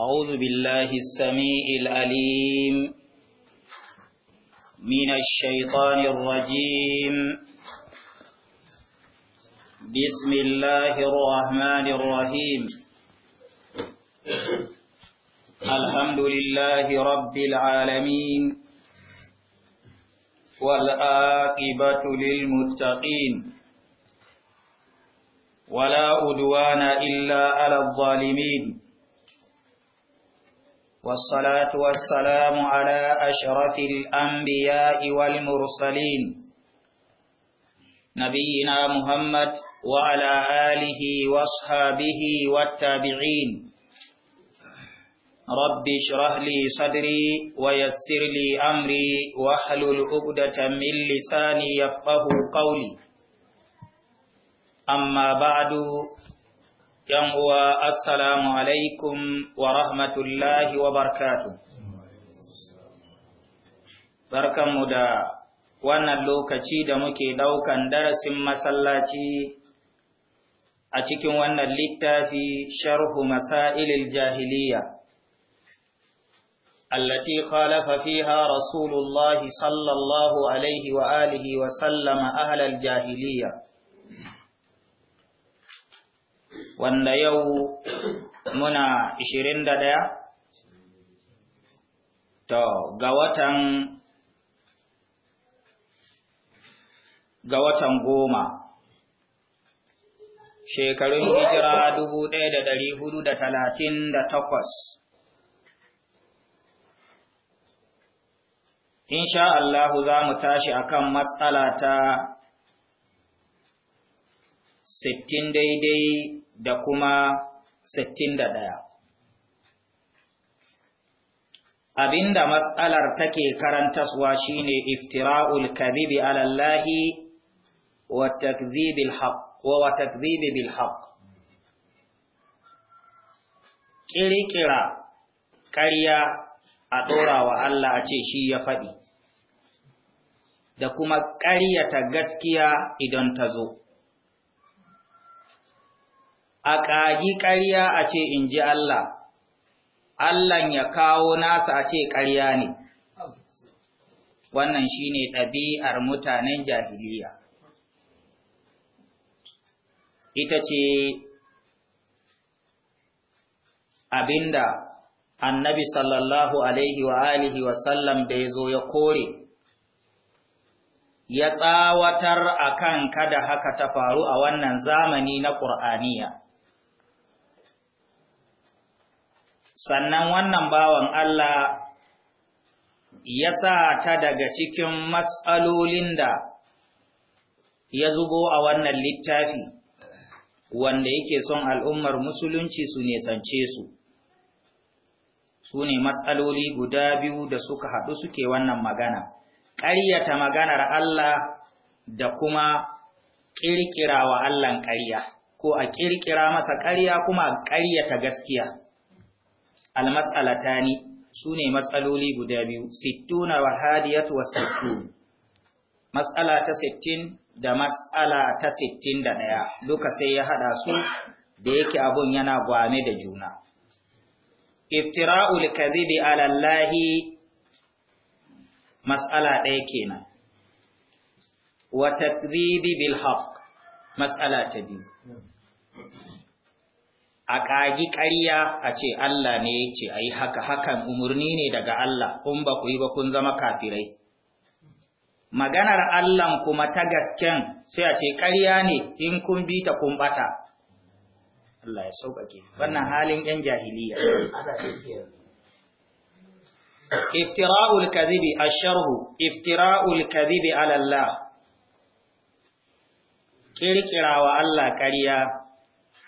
أعوذ بالله السميع الأليم من الشيطان الرجيم بسم الله الرحمن الرحيم الحمد لله رب العالمين والآقبة للمتقين ولا أدوان إلا على الظالمين والصلاة والسلام على أشرف الأنبياء والمرسلين نبينا محمد وعلى آله واصحابه والتابعين رب اشرح لي صدري ويسر لي أمري وحل الأبدة من لساني يفقه قولي أما بعد yan uwa assalamu alaikum wa rahmatullahi wa barkatu. Barkanmu da wannan lokaci da muke ɗaukan darasin masallaci a cikin wannan littafi sharhu masailil jahiliya. التي خالف فيها رسول الله صلى الله عليه وآله وسلم أهل الجاهلية wanda yau muna 21 to ga watan ga watan goma shekarun hijira 1438 insha Allah za mu tashi akan matsala ta 60 daidai da kuma 61. Abinda matsalar take karantaswa shine iftira'ul kadhibi ala Allah wa takdhibil haqq wa takdhibi bil haqq. ƙarya a ɗora wa Allah a ce shi ya faɗi, da kuma ƙaryata gaskiya idan ta zo. a ƙagi ƙarya a ce in ji Allah, Allahn ya kawo nasa a ce ƙarya ne. Wannan shi ne ɗabi'ar mutanen jahiliya. Ita ce abinda annabi sallallahu alaihi wa alihi wa sallam da ya zo ya kore, ya tsawatar a kan kada haka ta faru a wannan zamani na ƙur'aniya. sannan wannan bawan Allah ya sa ta daga cikin matsalolin da ya zubo a wannan littafi wanda yake son al'ummar musulunci su nesance su su ne matsaloli guda biyu da suka haɗu suke wannan magana ƙaryata maganar Allah da kuma ƙirƙira wa Allahn ƙarya ko a ƙirƙira masa ƙarya kuma a ƙaryata gaskiya almas'alatani sune matsaloli guda biyu sittuna wa hadiyatu wa sittun matsala ta sittin da matsala ta sittin da ɗaya duka sai ya haɗa su da yake abun yana gwame da juna iftira'ul kadhibi ala allahi matsala ɗaya kenan wa takdhibi bil haqq matsala ta biyu a ƙagi ƙarya a ce Allah ne ya ce a yi haka hakan umarni ne daga Allah kun ba ku yi ba kun zama kafirai. Maganar Allahn kuma ta gasken sai a ce ƙarya ne in kun bi ta kun ɓata. Allah ya sauƙaƙe, wannan halin ‘yan jahiliya. Iftira'ul kazibi a sharhu, iftira'ul kazibi alallah, ƙirƙirawa Allah ƙarya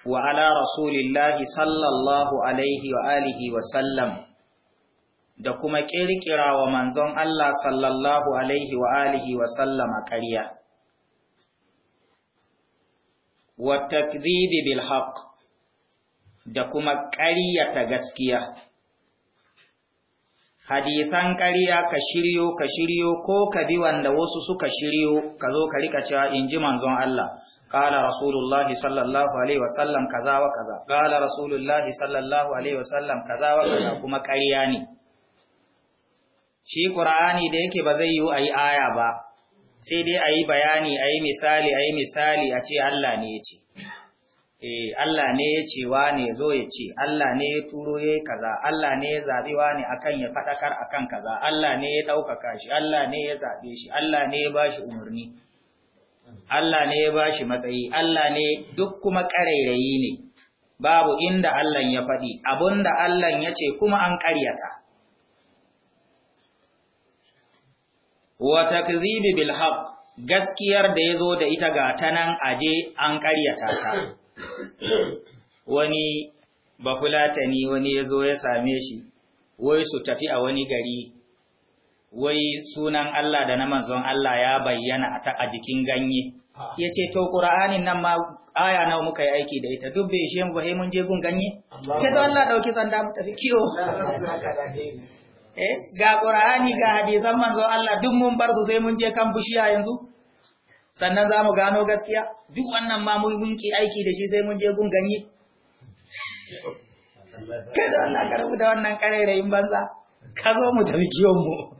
Wa'ala ala rasulillahi sallallahu alaihi wa wa sallam da kuma kirkira wa manzon Allah sallallahu alaihi wa alihi wa sallam a ƙarya wa takdhibi bil da kuma ƙaryata gaskiya hadisan ƙarya ka shiryo ka shiryo ko ka bi wanda wasu suka shiryo ka zo ka rika cewa in ji manzon Allah قال رسول الله صلى الله عليه وسلم كذا وكذا قال رسول الله صلى الله عليه وسلم كذا وكذا kuma ƙarya ne shi qur'ani da yake ba zai yi ayi aya ba sai dai ayi bayani ayi misali ayi misali a ce Allah ne yace eh Allah ne yace wa ne zo yace Allah ne ya turo yayi kaza Allah ne ya zabi wa ne akan ya fadakar akan kaza Allah ne ya daukaka shi Allah ne ya zabe shi Allah ne ya bashi umarni Allah ne ya bashi matsayi, Allah ne duk kuma ƙarairayi ne, babu inda Allah ya faɗi, abinda Allah ya ce kuma an ƙaryata. Wa takzibi bilhab gaskiyar da ya zo da ita ga ta nan aje an ƙaryata ta. Wani bafulatani wani ya zo ya same shi, wai su tafi a wani gari wai sunan Allah da na manzon Allah ya bayyana a jikin ganye. Ya ce, To, ƙura'anin nan ma aya nawa muka yi aiki da ita, duk bai shi mu bahe mun je gun ganye? Ke don Allah ɗauki sanda mu tafi kiwo. Eh, ga ƙura'ani ga hadisan manzon Allah duk mun bar su sai mun je kan bishiya yanzu? Sannan za mu gano gaskiya, duk wannan ma mun ki aiki da shi sai mun je gun ganye. Kada Allah ka rabu da wannan ƙarairayin banza, ka zo mu tafi kiwon mu.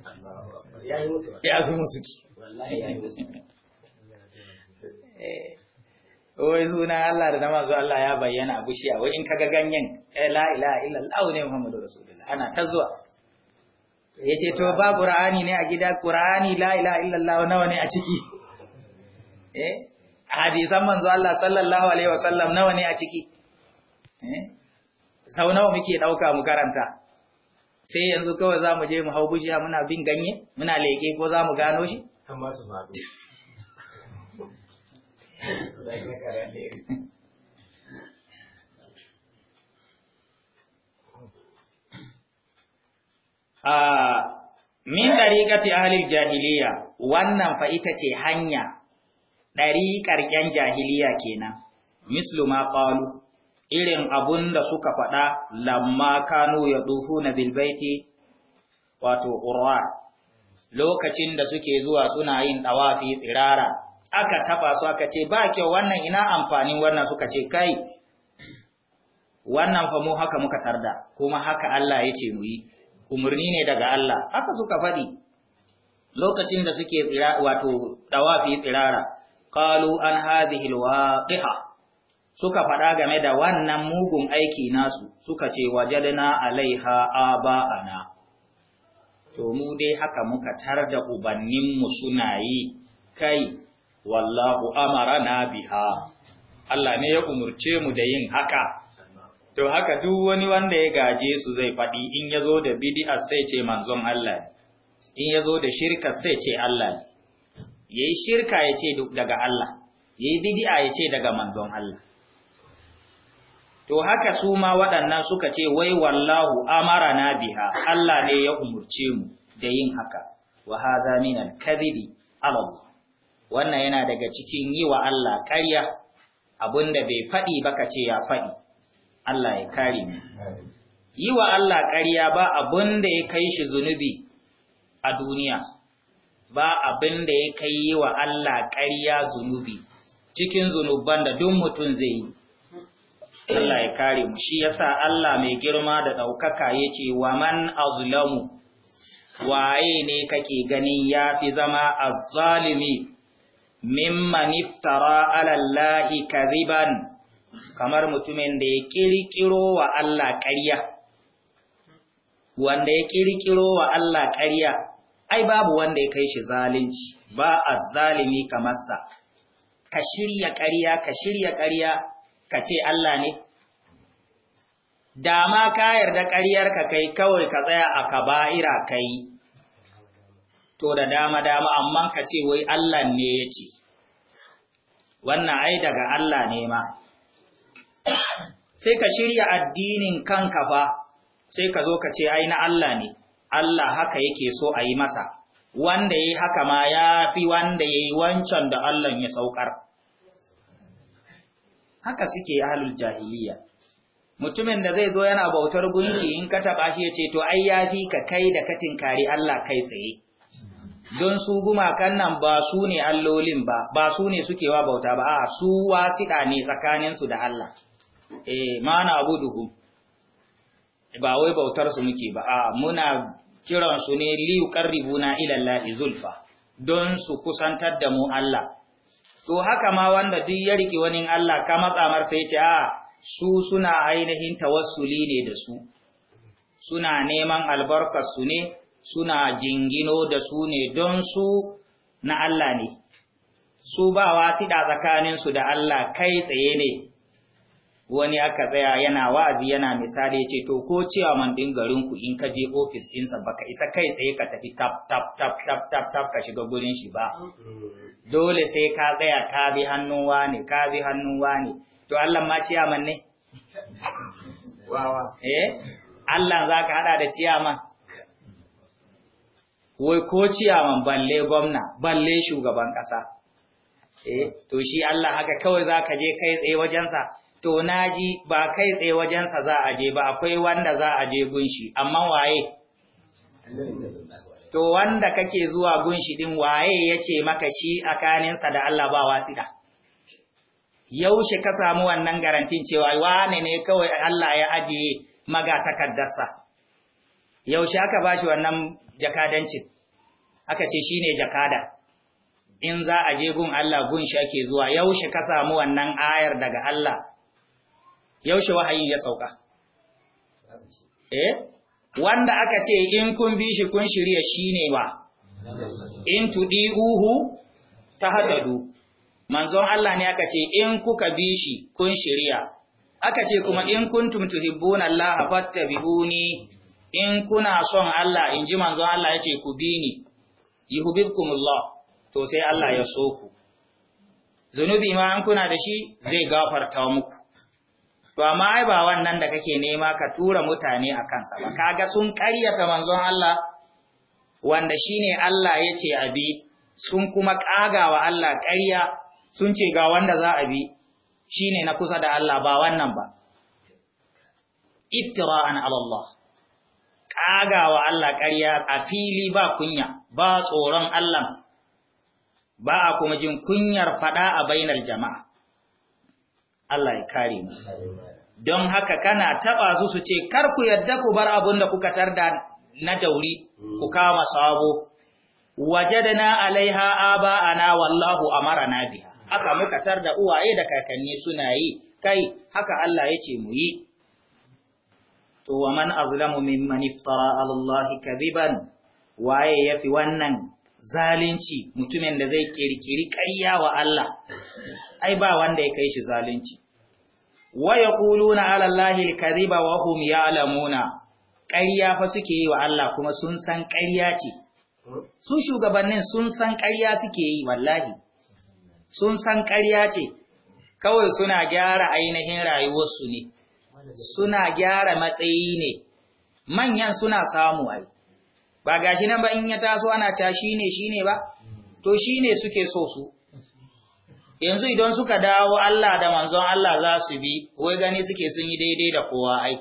ya fi musu ki eh, wai suna Allah da nama zuwa Allah ya bayyana a shi wai in kaga ganyen eh, la ilaha illallah ne Muhammadu Rasulullah ana ta zuwa ce, to ba Qur'ani ne a gida Qur'ani la ilaha illallah nawa ne a ciki eh hadisan manzo Allah sallallahu alaihi wasallam nawa ne a ciki eh sau nawa muke dauka mu karanta sai yanzu kawai za mu je mu hau bishiya muna bin ganye muna leke ko za mu gano shi? Kan ba su Min ɗariƙati ahalil jahiliya, wannan fa ita ce hanya ɗariƙar ‘yan jahiliya kenan, mislu ma ƙalu. irin abun da suka faɗa lamma kanu ya duhu na bilbaiti wato urwa lokacin da suke zuwa suna yin ɗawafi tsirara aka taɓa su aka ce ba kyau wannan ina amfanin wannan suka ce kai wannan fa mu haka muka tarda kuma haka Allah ya ce mu yi umarni ne daga Allah haka suka faɗi lokacin da suke tsira, wato ɗawafi tsirara qalu an hadhihi alwaqiha suka faɗa game da wannan mugun aiki nasu suka ce wajadna alaiha aba'ana to mu dai haka muka tar da ubanninmu suna yi kai wallahu na biha Allah ne ya umurce mu da yin haka to haka duk wani wanda ya gaje su zai faɗi in ya zo da bid'a sai ce manzon Allah in ya zo da shirka sai ce Allah yayi shirka ya ce daga Allah yayi bid'a ya ce daga manzon Allah To haka su ma waɗannan suka ce, Wai wallahu amara na biha, Allah ne ya umurce mu da yin haka, wa haza minal kadhibi Allah. Wannan yana daga cikin yi wa Allah ƙarya abinda bai faɗi ba ka ce ya faɗi, Allah ya kare mu. Yi wa Allah ƙarya ba abinda ya kai shi zunubi a duniya, ba abinda ya kai yi wa Allah ƙarya zunubi cikin zunuban da duk mutum zai yi. Allah ya kare mu shi yasa Allah mai girma da ɗaukaka ya ce wa man azlamu waye ne kake ganin ya fi zama azzalimi mimman iftara alallahi kaziban kamar mutumin da ya kirkiro wa Allah ƙarya wanda ya kirkiro wa Allah ƙarya ai babu wanda ya kai shi zalunci ba azzalimi kamar sa ka shirya ƙarya ka shirya ƙarya ka ce Allah ne? Da ka yarda ka kai kawai ka tsaya a ba'ira ka yi, to da dama-dama amma ka ce wai Allah ne ya ce, wannan ai daga Allah ne ma. Sai ka shirya addinin kanka fa, sai ka zo ka ce ai na Allah ne, Allah haka yake so a yi masa, wanda ya yi haka ma ya fi wanda ya yi wancan da Allah ya saukar. haka suke ahlul jahiliya mutumin da zai zo yana bautar gunki in ka taba shi yace to ai yafi ka kai da katin kare Allah kai tsaye don su gumakan nan ba su ne allolin ba ba su ne suke wa bauta ba a su wasiɗa ne tsakaninsu da Allah eh mana abuduhu ba wai bautar su muke ba a muna kiran ne liyu qarribuna ila Allah zulfa don su kusantar da mu Allah to haka ma wanda duk ya riki wani Allah ka matsamar sai ce a su suna ainihin tawassuli ne da su suna neman albarkar su ne suna jingino da su ne don su na Allah ne su ba wasiɗa tsakaninsu da Allah kai tsaye ne wani aka tsaya yana wa'azi yana misali ya ce to ko cewa man ɗin garinku in ka je ofis ɗinsa ka isa kai tsaye ka tafi tap tap tap tap tap tap ka shiga gurin shi ba dole sai ka tsaya ka bi hannun wane ka bi hannun wane to Allah ma ciyaman ne wawa eh Allah za ka hada da ciyaman wai ko man balle gwamna balle shugaban ƙasa eh to shi Allah haka kawai za ka je kai tsaye wajensa to na ji ba kai tsaye wajensa za a je ba akwai wanda za a je gunshi amma waye to wanda kake zuwa gunshi din waye yace maka shi akaninsa da Allah ba wasida yaushe ka samu wannan garantin cewa wane ne kawai Allah ya ajiye maga takaddarsa yaushe aka bashi wannan jakadancin aka ce shine jakada in za a je gun Allah gun shi ake zuwa yaushe ka samu wannan ayar daga Allah yaushe wahayin ya sauka eh wanda aka ce in kun bi shi kun shirya shine ba in tudihu tahtadu manzon Allah ne aka ce in kuka bi shi kun shirya aka ce kuma in kuntum tuhibbuna Allah fattabi'uni in kuna son Allah in ji manzon Allah yace ku bi ni yuhibbukumullah to sai Allah ya so ku zunubi ma an kuna da shi zai gafarta muku to amma ai ba wannan da kake nema ka tura mutane a kansa ba kaga sun ƙaryata manzon Allah wanda shine Allah yace abi sun kuma wa Allah ƙarya sun ce ga wanda za a bi shine na kusa da Allah ba wannan ba iftira'an ala Allah wa Allah ƙarya a fili ba kunya ba tsoron Allah ba a kuma jin kunyar fada a bainar jama'a Allah ya kare mu don haka kana taba su su ce kar ku yadda ku bar abun da kuka tarda na dauri ku kama sabo wajadana alaiha aba ana wallahu amarana biha haka muka da uwaye da kakanni suna yi kai haka Allah yace mu yi to wa man azlamu mimman iftara ala Allah kadiban waye yafi wannan zalunci mutumin da zai kirkiri ƙarya wa Allah ai ba wanda ya kai shi zalunci wa yaquluna ala allahi alkadhiba wa hum ya'lamuna ƙarya fa suke yi wa Allah kuma sun san ƙarya ce su shugabannin sun san ƙarya suke yi wallahi sun san ƙarya ce kawai suna gyara ainihin rayuwarsu ne suna gyara matsayi ne manyan suna samu ai ba gashi nan ba in ya taso ana ta shine shine ba to shine suke so su yanzu idan suka dawo Allah da manzon Allah za su bi wai gani suke sun yi daidai da kowa ai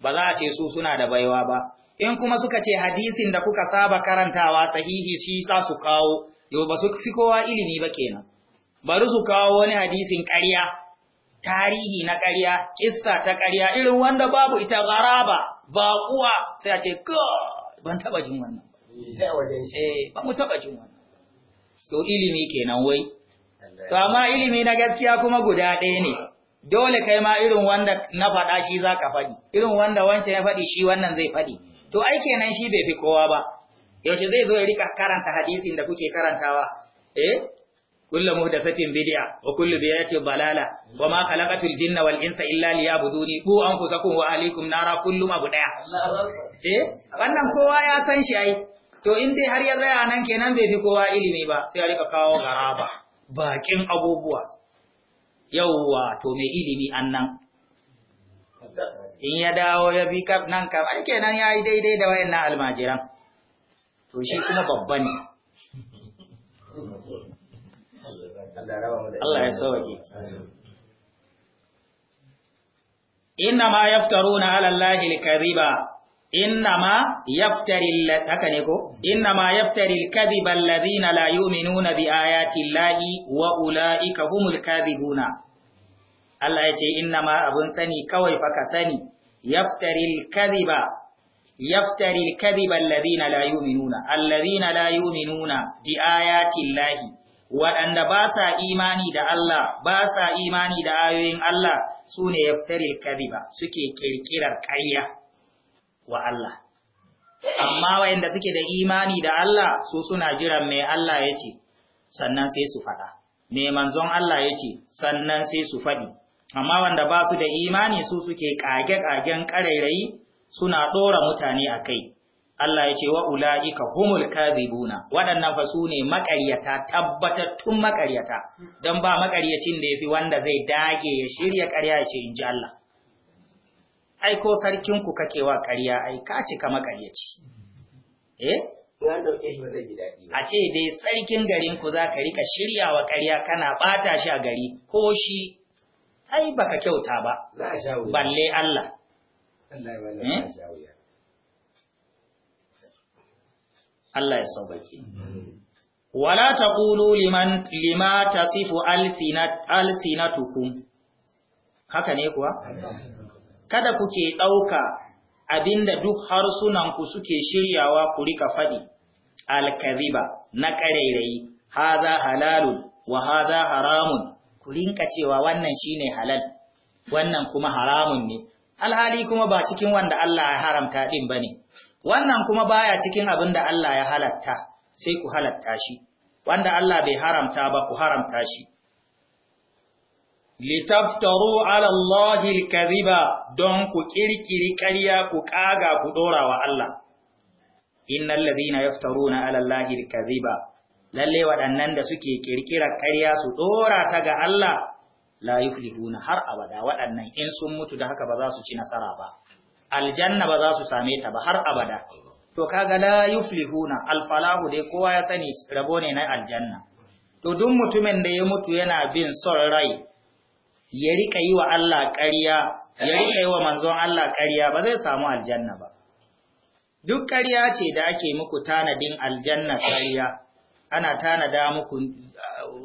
ba za a ce su suna da baiwa ba in kuma suka ce hadisin da kuka saba karantawa sahihi shi sa su kawo yau ba su fi kowa ilimi ba kenan bari su kawo wani hadisin ƙarya tarihi na ƙarya kissa ta ƙarya irin wanda babu ita garaba ba kuwa sai a ce ban taɓa jin wannan sai a wajen shi eh, Ban mu taɓa jin wannan to ilimi kenan wai to amma ilimi na gaskiya kuma guda ɗaya ne dole kai ma irin wanda na faɗa shi za ka faɗi irin wanda wancan ya faɗi shi wannan zai faɗi to ai kenan shi bai fi kowa ba yaushe zai zo ya rika karanta hadisin da kuke karantawa eh da satin bidiya, wa kullu bid'atin balala wa ma khalaqatul jinna wal insa illa liya'buduni ku an anfusakum wa ahlikum nara kullu ma budaya eh wannan kowa ya san shi ai to in dai har ya tsaya nan kenan bai fi kowa ilimi ba sai ya rika kawo garaba bakin abubuwa yauwa to mai ilimi annan in ya dawo ya bi kaf nan kam ai kenan yayi daidai da wayannan almajiran to shi kuma babba ne Allah ya sauke inna ma yaftaruna ala allahi alkadhiba innama yaftaril haka ne ko innama yaftaril kadhiba alladhina la yu'minuna bi ayati llahi wa ulaika humul kadhibuna Allah abun sani kawai fa ka sani yaftaril kadhiba yaftaril kadhiba alladhina la yu'minuna alladhina la yu'minuna waɗanda ba sa imani da ayoyin Allah sune yaftaril kadhiba suke ƙirƙirar ƙarya wa Allah amma wayanda suke da imani da Allah su suna jiran mai Allah ya ce sannan sai su faɗa mai manzon Allah ya ce sannan sai su faɗi amma wanda ba su da imani su suke ƙage-ƙagen ƙarairayi suna ɗora mutane a kai Allah ya ce wa ula'ika humul kadhibuna waɗannan fa su ne maƙaryata tabbatattun maƙaryata don ba maƙaryacin da ya fi wanda zai dage ya shirya ƙarya ya ce in ji Allah Aiko ko ku kake wa ƙarya ai ka kama maƙaryaci eh a ce dai sarkin garin ku zaka rika shirya wa ƙarya kana ɓata shi a gari ko shi ai baka kyauta ba balle Allah Allah ya hmm? wala taqulu liman lima tasifu alsinat alsinatukum haka ne kuwa kada kuke ɗauka abinda duk harsunanku suke shiryawa ku rika faɗi, alkaziba na ƙarairayi, haza halalun wa haza haramun, ku rinka cewa wannan shine halal, wannan kuma haramun ne, alhali kuma ba cikin wanda Allah ya haramta ɗin ba ne, wannan kuma baya cikin abin da Allah ya halatta, sai ku halatta shi, wanda Allah bai haramta ba ku haramta shi. litaftaru ala Allahi alkaziba don ku kirkiri ƙarya ku kaga ku dora wa Allah innal ladhina yaftaruna ala Allahi alkaziba lalle waɗannan da suke kirkira ƙarya su dora ta ga Allah la yuflihuna har abada waɗannan in sun mutu da haka ba za su ci nasara ba aljanna ba za su same ta ba har abada to kaga la yuflihuna alfalahu dai kowa ya sani rabo ne na aljanna to duk mutumin da ya mutu yana bin son rai ya rika yi wa Allah ƙarya ya rika yi wa manzon Allah ƙarya ba zai samu aljanna ba duk ƙarya ce da ake muku tanadin aljanna ƙarya ana tanada muku uh,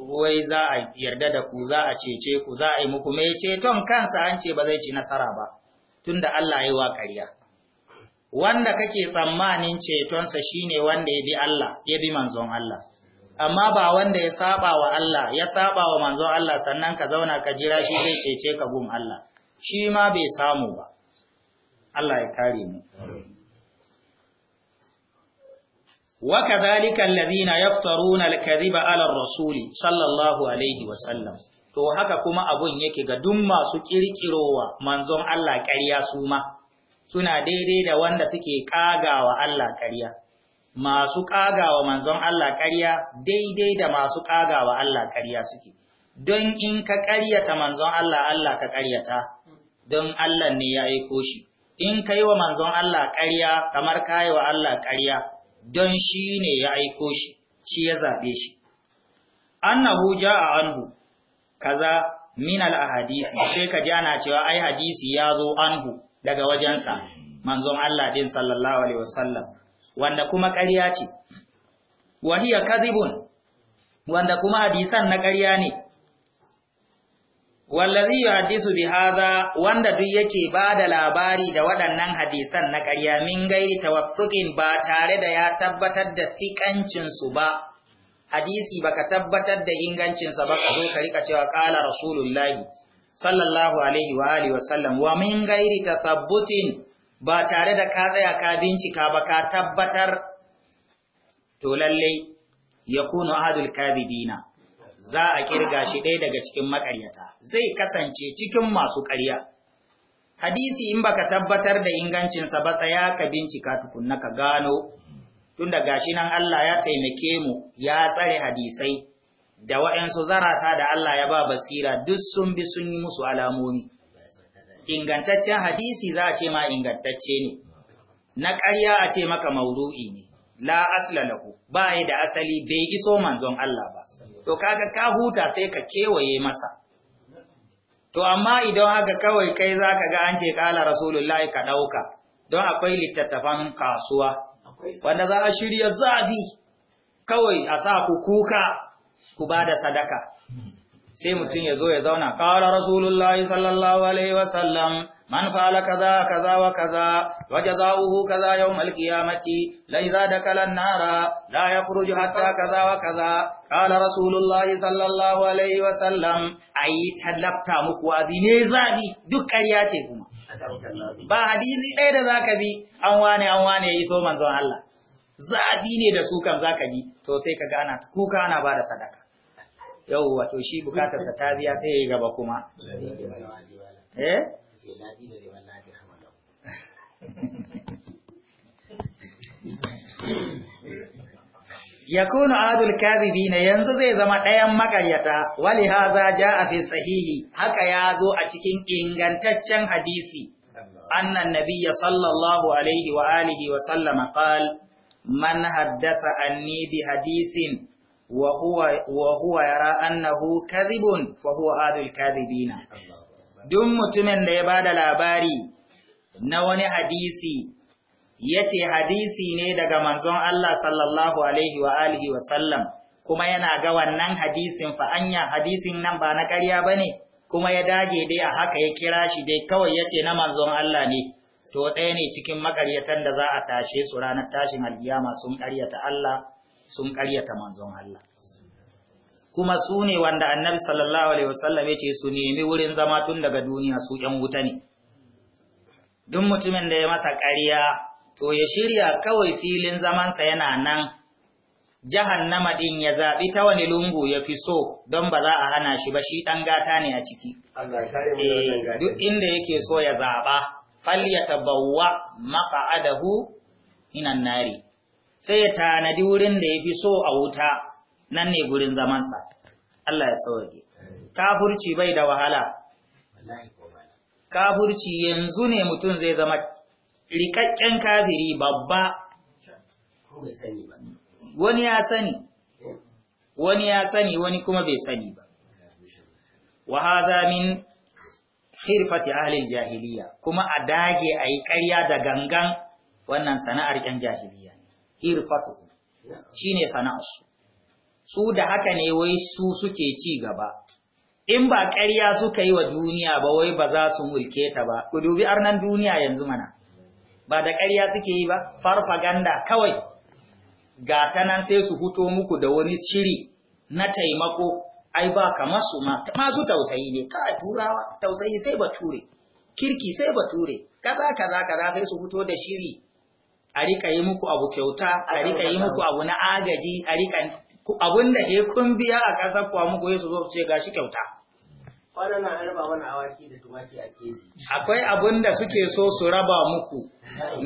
wai za a yarda da ku za a cece ku za a yi muku mai ceton kansa an ce ba zai ci nasara ba tunda Allah yi wa ƙarya wanda kake tsammanin cetonsa shine wanda ya bi Allah ya bi manzon Allah amma ba wanda ya saba wa Allah ya saba wa manzo Allah sannan ka zauna ka jira shi zai cece ka gun Allah shi ma bai samu ba Allah ya kare mu wa kadhalika alladhina yaftaruna alkadhiba ala ar-rasuli sallallahu alaihi wa sallam to haka kuma abun yake ga duk masu kirkirowa manzon Allah ƙarya su ma suna daidai da wanda suke kagawa Allah ƙarya masu ƙagawa manzon Allah ƙarya daidai da masu ƙagawa Allah ƙarya suke don in ka ƙaryata manzon Allah Allah ka ƙaryata don Allah ne ya aiko shi in ka yi wa manzon Allah ƙarya kamar ka yi wa Allah ƙarya don shi ne ya aiko shi shi ya zaɓe shi annahu a anhu kaza min al-ahadisi sai ka ji ana cewa ai hadisi ya zo anhu daga wajensa manzon Allah din sallallahu alaihi wasallam wanda kuma ƙarya ce wahiya kadhibun wanda kuma hadisan na ƙarya ne wallazi bi haza, wanda duk yake ba da labari da waɗannan hadisan na ƙarya min gairi tawaffuqin ba tare da ya tabbatar da sikancin su ba hadisi baka tabbatar da ingancin sa ba ka zo ka rika cewa qala rasulullahi sallallahu alaihi wa alihi wa sallam wa min gairi tathabbutin ba tare da ka tsaya ka bincika ba ka tabbatar to lallai ya kuno ahadul kadibina za a kirga shi ɗaya daga cikin makaryata zai kasance cikin masu ƙarya hadisi in baka tabbatar da ingancinsa ba tsaya ka bincika tukunna ka gano tunda gashi nan Allah ya taimake mu ya tsare hadisai da waɗansu zarata da Allah ya ba basira duk sun bi sun yi musu alamomi ingantaccen hadisi za a ce ma ingantacce ne na ƙarya a ce maka maudu'i ne la asla lahu ba ya da asali bai iso manzon Allah ba to kaga ka huta sai ka kewaye masa to amma idan haka kawai kai za ka ga an ce kala rasulullahi ka ɗauka? don akwai littattafan kasuwa wanda za a shirya zabi kawai a sa ku kuka ku bada sadaka sai mutum ya zo ya zauna ƙawar rasulullahi sallallahu alaihi wasallam man fa'ala kaza kaza wa kaza wajaza'uhu kaza yawmal qiyamati la za dakala an-nara la yakhruju hatta kaza wa kaza qala rasulullahi sallallahu alaihi wasallam ayi talafta muku azine zabi duk ƙarya ce kuma ba hadisi ɗaya da zaka bi an wane an wane ya iso manzon Allah zabi ne da su kan zaka bi to sai ka gana kuka ana bada sadaka yau wato shi bukatar sa ta biya sai yayi gaba kuma eh يكون عاد الكاذبين ينزو زي زما ديان مقريتا ولهذا جاء في الصحيح حكا يازو ا cikin ingantaccen hadisi ان النبي صلى الله عليه واله وسلم قال من حدث عني بحديث wa huwa yara annahu kadhibun fa huwa adul kadhibina duk mutumin da ya bada labari na wani hadisi yace hadisi ne daga manzon Allah sallallahu alaihi wa alihi wa sallam kuma yana ga wannan hadisin fa anya hadisin nan ba na ƙarya bane kuma ya dage dai a haka ya kira shi dai kawai yace na manzon Allah ne to ɗaya ne cikin makaryatan da za a tashe su ranar tashin alkiyama sun ƙaryata Allah sun ƙaryata manzon Allah kuma su ne wanda annabi sallallahu alaihi wasallam ya ce su nemi wurin zama tun daga duniya su yan wuta ne duk mutumin da ya masa ƙarya to ya shirya kawai filin zamansa yana nan jahannama din ya zaɓi ta wani lungu ya fi so don ba za a hana shi ba shi ɗan gata ne a ciki eh, duk inda yake so ya zaɓa fal ya tabawwa maqa'adahu minan nari sai ya tanadi wurin da ya fi so a wuta nan ne gurin zamansa Allah ya sauke kafurci bai da wahala kafurci yanzu ne mutum zai zama rikakken kafiri babba wani ya sani wani ya sani wani kuma bai sani ba wa hadha min khirfati ahli jahiliya kuma a dage ayi ƙarya da gangan wannan sana'ar ƴan jahiliya irfatu shine sana'arsu su da haka ne wai su suke ci gaba in ba ƙarya suka yi wa duniya ba wai ba za su mulke ta ba ku dubi arnan duniya yanzu mana ba da ƙarya suke yi ba farfaganda kawai ga ta nan sai su fito muku da wani shiri na taimako ai ba kamar su ma masu tausayi ne ka turawa tausayi sai bature kirki sai bature kaza kaza kaza sai su fito da shiri a rika yi muku abu kyauta a rika yi muku abu na agaji a rika abun da ke kun biya a ƙasar kuwa muku yi su zo ce gashi kyauta kwanan na raba wani awaki da tumaki a keji akwai abun da suke so su raba muku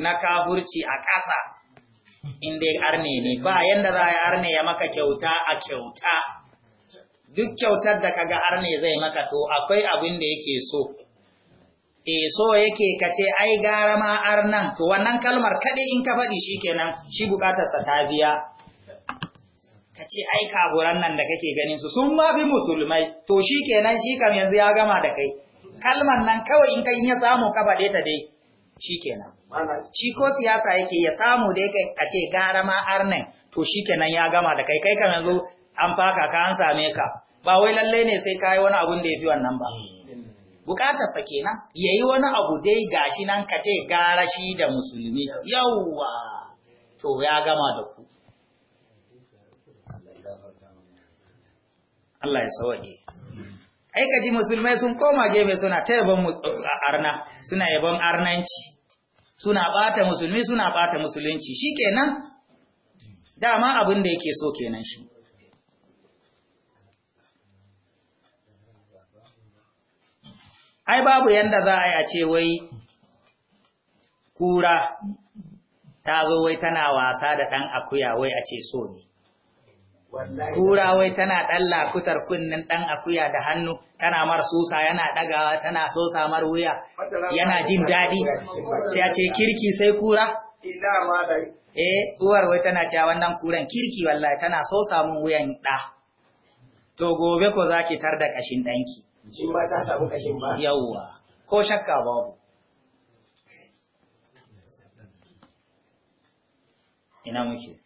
na kafurci a ƙasa in dai arne ne ba yadda za a yi arne ya maka kyauta a kyauta duk kyautar da kaga arne zai maka to akwai abin da yake so e so yake ka ce ai gara ma arnan to wannan kalmar kaɗai in ka faɗi shi kenan shi buƙatarsa ta biya ka ce ai kaburan nan da kake ganin su sun ma musulmai to shi kenan shi kam yanzu ya gama da kai kalmar nan kawai in kai ya samu ka faɗe ta dai shi kenan shi ko siyasa yake ya samu dai ka ce gara ma arnan to shi kenan ya gama da kai kai kam yanzu an faka ka an same ka ba wai lalle ne sai ka yi wani abun da ya fi wannan ba bukatarsa kenan ya yi wani abu dai gashi nan ka ce gara shi da musulmi yauwa to ya gama da ku Allah ya sawaje ai kaji musulmai sun koma gefe suna ta yaban uh, arna suna yaban arnanci suna bata musulmi suna bata musulunci shikenan dama abin da yake so kenan shi ai babu yanda za a yi a ce wai kura ta zo wai tana wasa da ɗan akuya wai a ce so ne kura wai tana ɗan lakutar kunnen ɗan akuya da hannu tana mar susa yana ɗagawa tana so samar wuya yana jin daɗi sai a ce kirki sai kura eh uwar wai tana cewa wannan kuran kirki wallahi tana so samun wuyan ɗa to gobe ko za ki tar da ƙashin ɗanki shi ma ta samu kashin ba yawwa ko shakka babu ina muke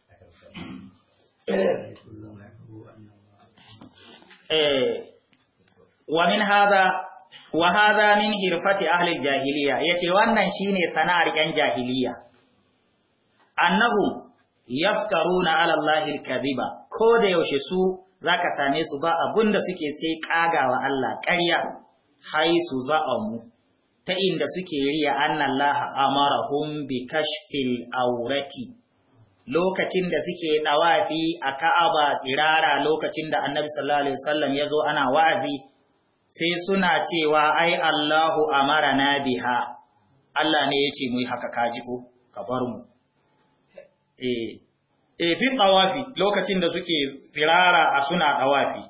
eh, wa min wa min hirfati ahli jahiliya yace wannan shine sana'ar yan jahiliya annahu yaftaruna ala allahi alkadhiba ko da yaushe su za ka same su ba abun da suke sai ƙagawa Allah ƙarya haisu mu. ta inda suke riya annan laha mara bi kashfil aurati lokacin da suke ɗawafi a ka'aba tsirara lokacin da annabi sallallahu ya zo ana wa'azi sai suna cewa ai Allahu amara na biha Allah ne ya ce mu yi haka kaji ko ka bar mu e e fi tawafi lokacin da suke firara a suna tawafi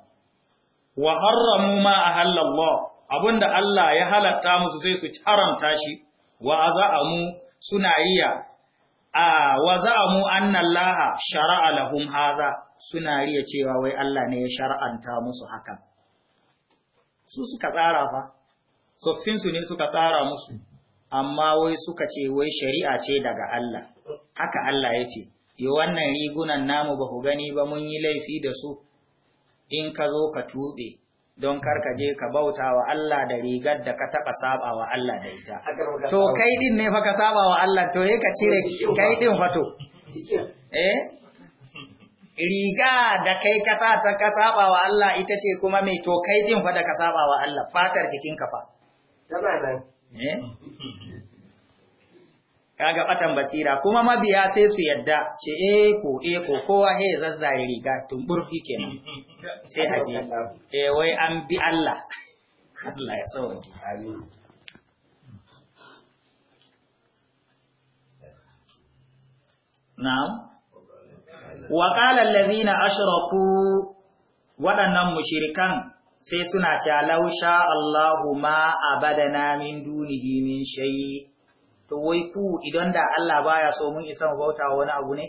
wa haramu ma ahallallah abinda Allah ya halatta musu sai su haramta shi wa aza'amu suna riya a wa za'amu annallaha shara'a lahum haza suna riya cewa wai Allah ne ya shar'anta musu haka su suka tsara fa Tsoffinsu ne suka tsara musu amma wai suka ce wai shari'a ce daga Allah haka Allah ya ce yi wannan rigunan namu ba ku gani ba mun yi laifi da su in ka zo ka tuɓe don karka je ka bauta wa Allah da rigar da ka taɓa saba wa Allah da ita. To kai ɗin ne fa ka saba wa Allah to yi ka cire kai ɗin fato. Eh? Riga da kai ka sa ta ka saba wa Allah ita ce kuma mai to kai ɗin fa da ka saba wa Allah fatar jikinka fa. Tana nan. Eh? kaga batan basira kuma mabiya sai su yadda ce eh ko eh ko kowa eh zazzare riga tumbur kenan sai haji eh wai an bi Allah Allah ya sauke amin na'am wa qala allazina ashraku wadannan mushrikan sai suna cewa lausha Allahu ma abadana min dunihi min shay'in to wai ku idan da Allah baya so mun isa mu bauta wani abu ne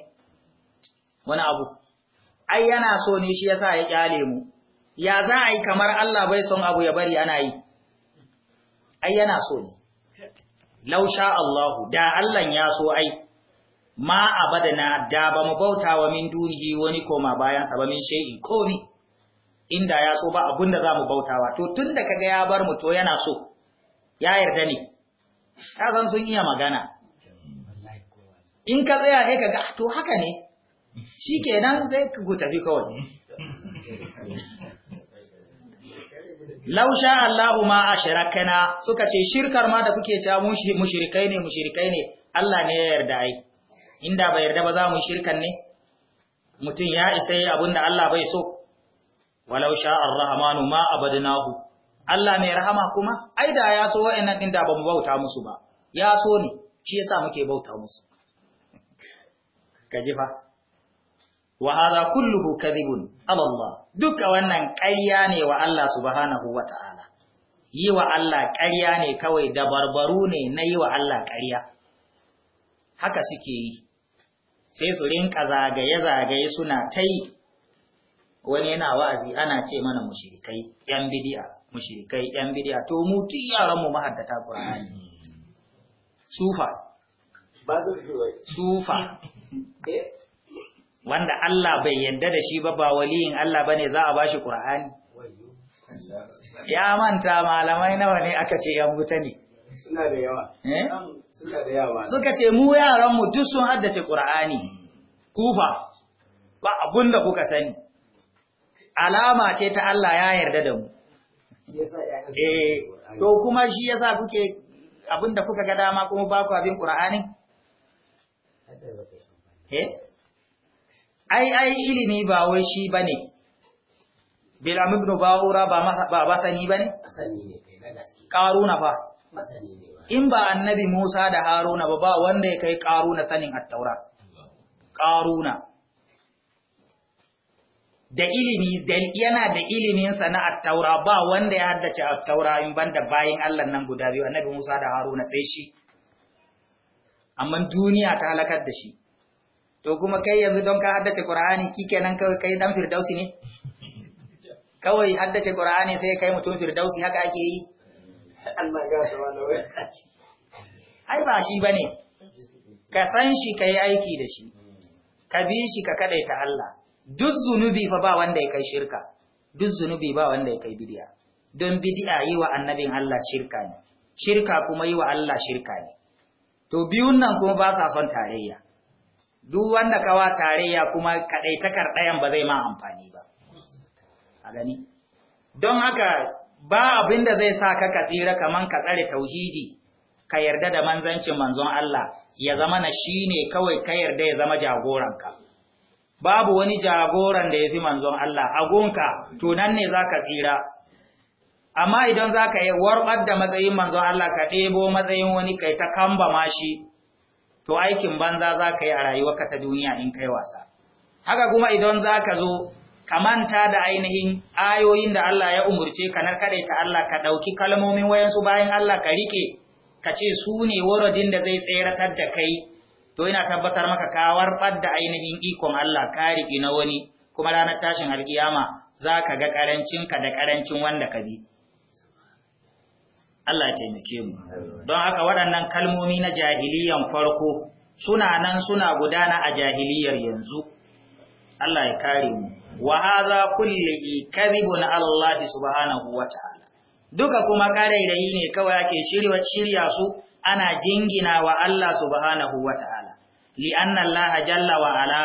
wani abu ai yana so ne shi yasa ya kyale mu ya za a yi kamar Allah bai son abu ya bari ana yi ai yana so ne lausha Allahu da Allah ya so ai ma abadana da ba mu bauta wa min dunihi wani koma bayan sa ba min shay'in komi inda ya so ba abunda za mu bautawa to tunda kaga ya bar mu to yana so ya yarda ne ka san sun iya magana in ka tsaya sai ka ga ah, to haka ne shi kenan sai ku tafi kawai lausha Allahu ma asharakana suka ce shirkar ma da kuke ta mushrikai ne mushrikai ne Allah ne ya yarda ai inda bai yarda ba za mu shirkan ne mutum ya isa yi abinda Allah bai so walau sha ar-rahmanu ma abadnahu Allah mai rahama kuma ai da ya so wa'annan din da bamu bauta musu ba ya so ne shi yasa muke bauta musu kaji fa wa hada kulluhu kadhibun ala Allah duka wannan ƙarya ne wa Allah subhanahu wataala yi wa Allah ƙarya ne kawai da barbaru ne na yi wa Allah ƙarya haka suke yi sai su rinka zagaye-zagaye suna ta yi wani yana wa'azi ana ce mana mushrikai ‘yan bidi'a mushrikai yan bidiya to mu tun yaran mu mahaddata Qur'ani sufa sufa eh? wanda Allah bai yadda da shi ba ba waliyin Allah bane za a bashi Qur'ani ya manta malamai nawa ne aka ce yan wuta ne suna da yawa eh? suna da yawa suka ce mu yaran mu duk sun haddace Qur'ani kufa ba abunda kuka sani alama ce ta Allah ya yarda da mu Eh, to kuma shi ya sa kuke abin da kuka ga dama kuma ba ku abin Qur'anin? Eh? Ai ai ilimi ba wai shi bane. Bilam ibn Ba'ura ba ba basani ba ne Ƙaruna na fa. In ba annabi Musa da Haruna ba ba wanda ya kai ƙaruna sanin attaura. taura Karuna. da ilimi yana da ilimin sana'ar taura ba wanda ya haddace a taura in banda bayin Allah nan guda biyu annabi Musa da Haruna sai shi amma duniya ta halakar da shi to kuma kai yanzu don ka haddace Qur'ani kikenan kai kai dan firdausi ne kawai haddace Qur'ani sai kai mutum firdausi haka ake yi Allah ya wai ai ba shi bane ka san shi kai aiki da shi ka bi shi ka kadaita Allah duk zunubi fa ba wanda ya kai shirka duk zunubi ba wanda ya kai don bid'a yi wa annabin Allah shirka ne shirka kuma yi wa Allah shirka ne to biyun nan kuma ba sa son tarayya duk wanda kawa tarayya kuma kadaitakar ɗayan ba zai ma amfani ba a gani don haka ba abin da zai sa ka ka tsira kaman ka tsare tauhidi ka yarda da manzancin manzon Allah ya zama na shine kawai ka yarda ya zama jagoranka babu wani jagoran da ya fi manzon Allah a gunka to nan ne za ka tsira amma idan za ka yi warɓar da matsayin manzon Allah ka ɗebo matsayin wani kai ta kamba mashi to aikin banza za ka yi a rayuwarka ta duniya in kai wasa haka kuma idan za ka zo ka manta da ainihin ayoyin da Allah ya umurce ka na ta Allah ka ɗauki kalmomin wayansu bayan Allah ka riƙe ka ce su ne waradin da zai tseratar da kai to ina tabbatar maka ka warbar da ainihin ikon Allah ka riƙi na wani kuma ranar tashin alkiyama za ka ga ƙarancinka da ƙarancin wanda ka bi Allah ya taimake mu don haka waɗannan kalmomi na jahiliyan farko suna nan suna gudana a jahiliyar yanzu Allah ya kare mu wa hadha kulli kadhibun Allah subhanahu wa ta'ala duka kuma karairayi ne kawai ake shirya su ana jingina wa Allah subhanahu wa ta'ala li'anna Allah jalla wa ala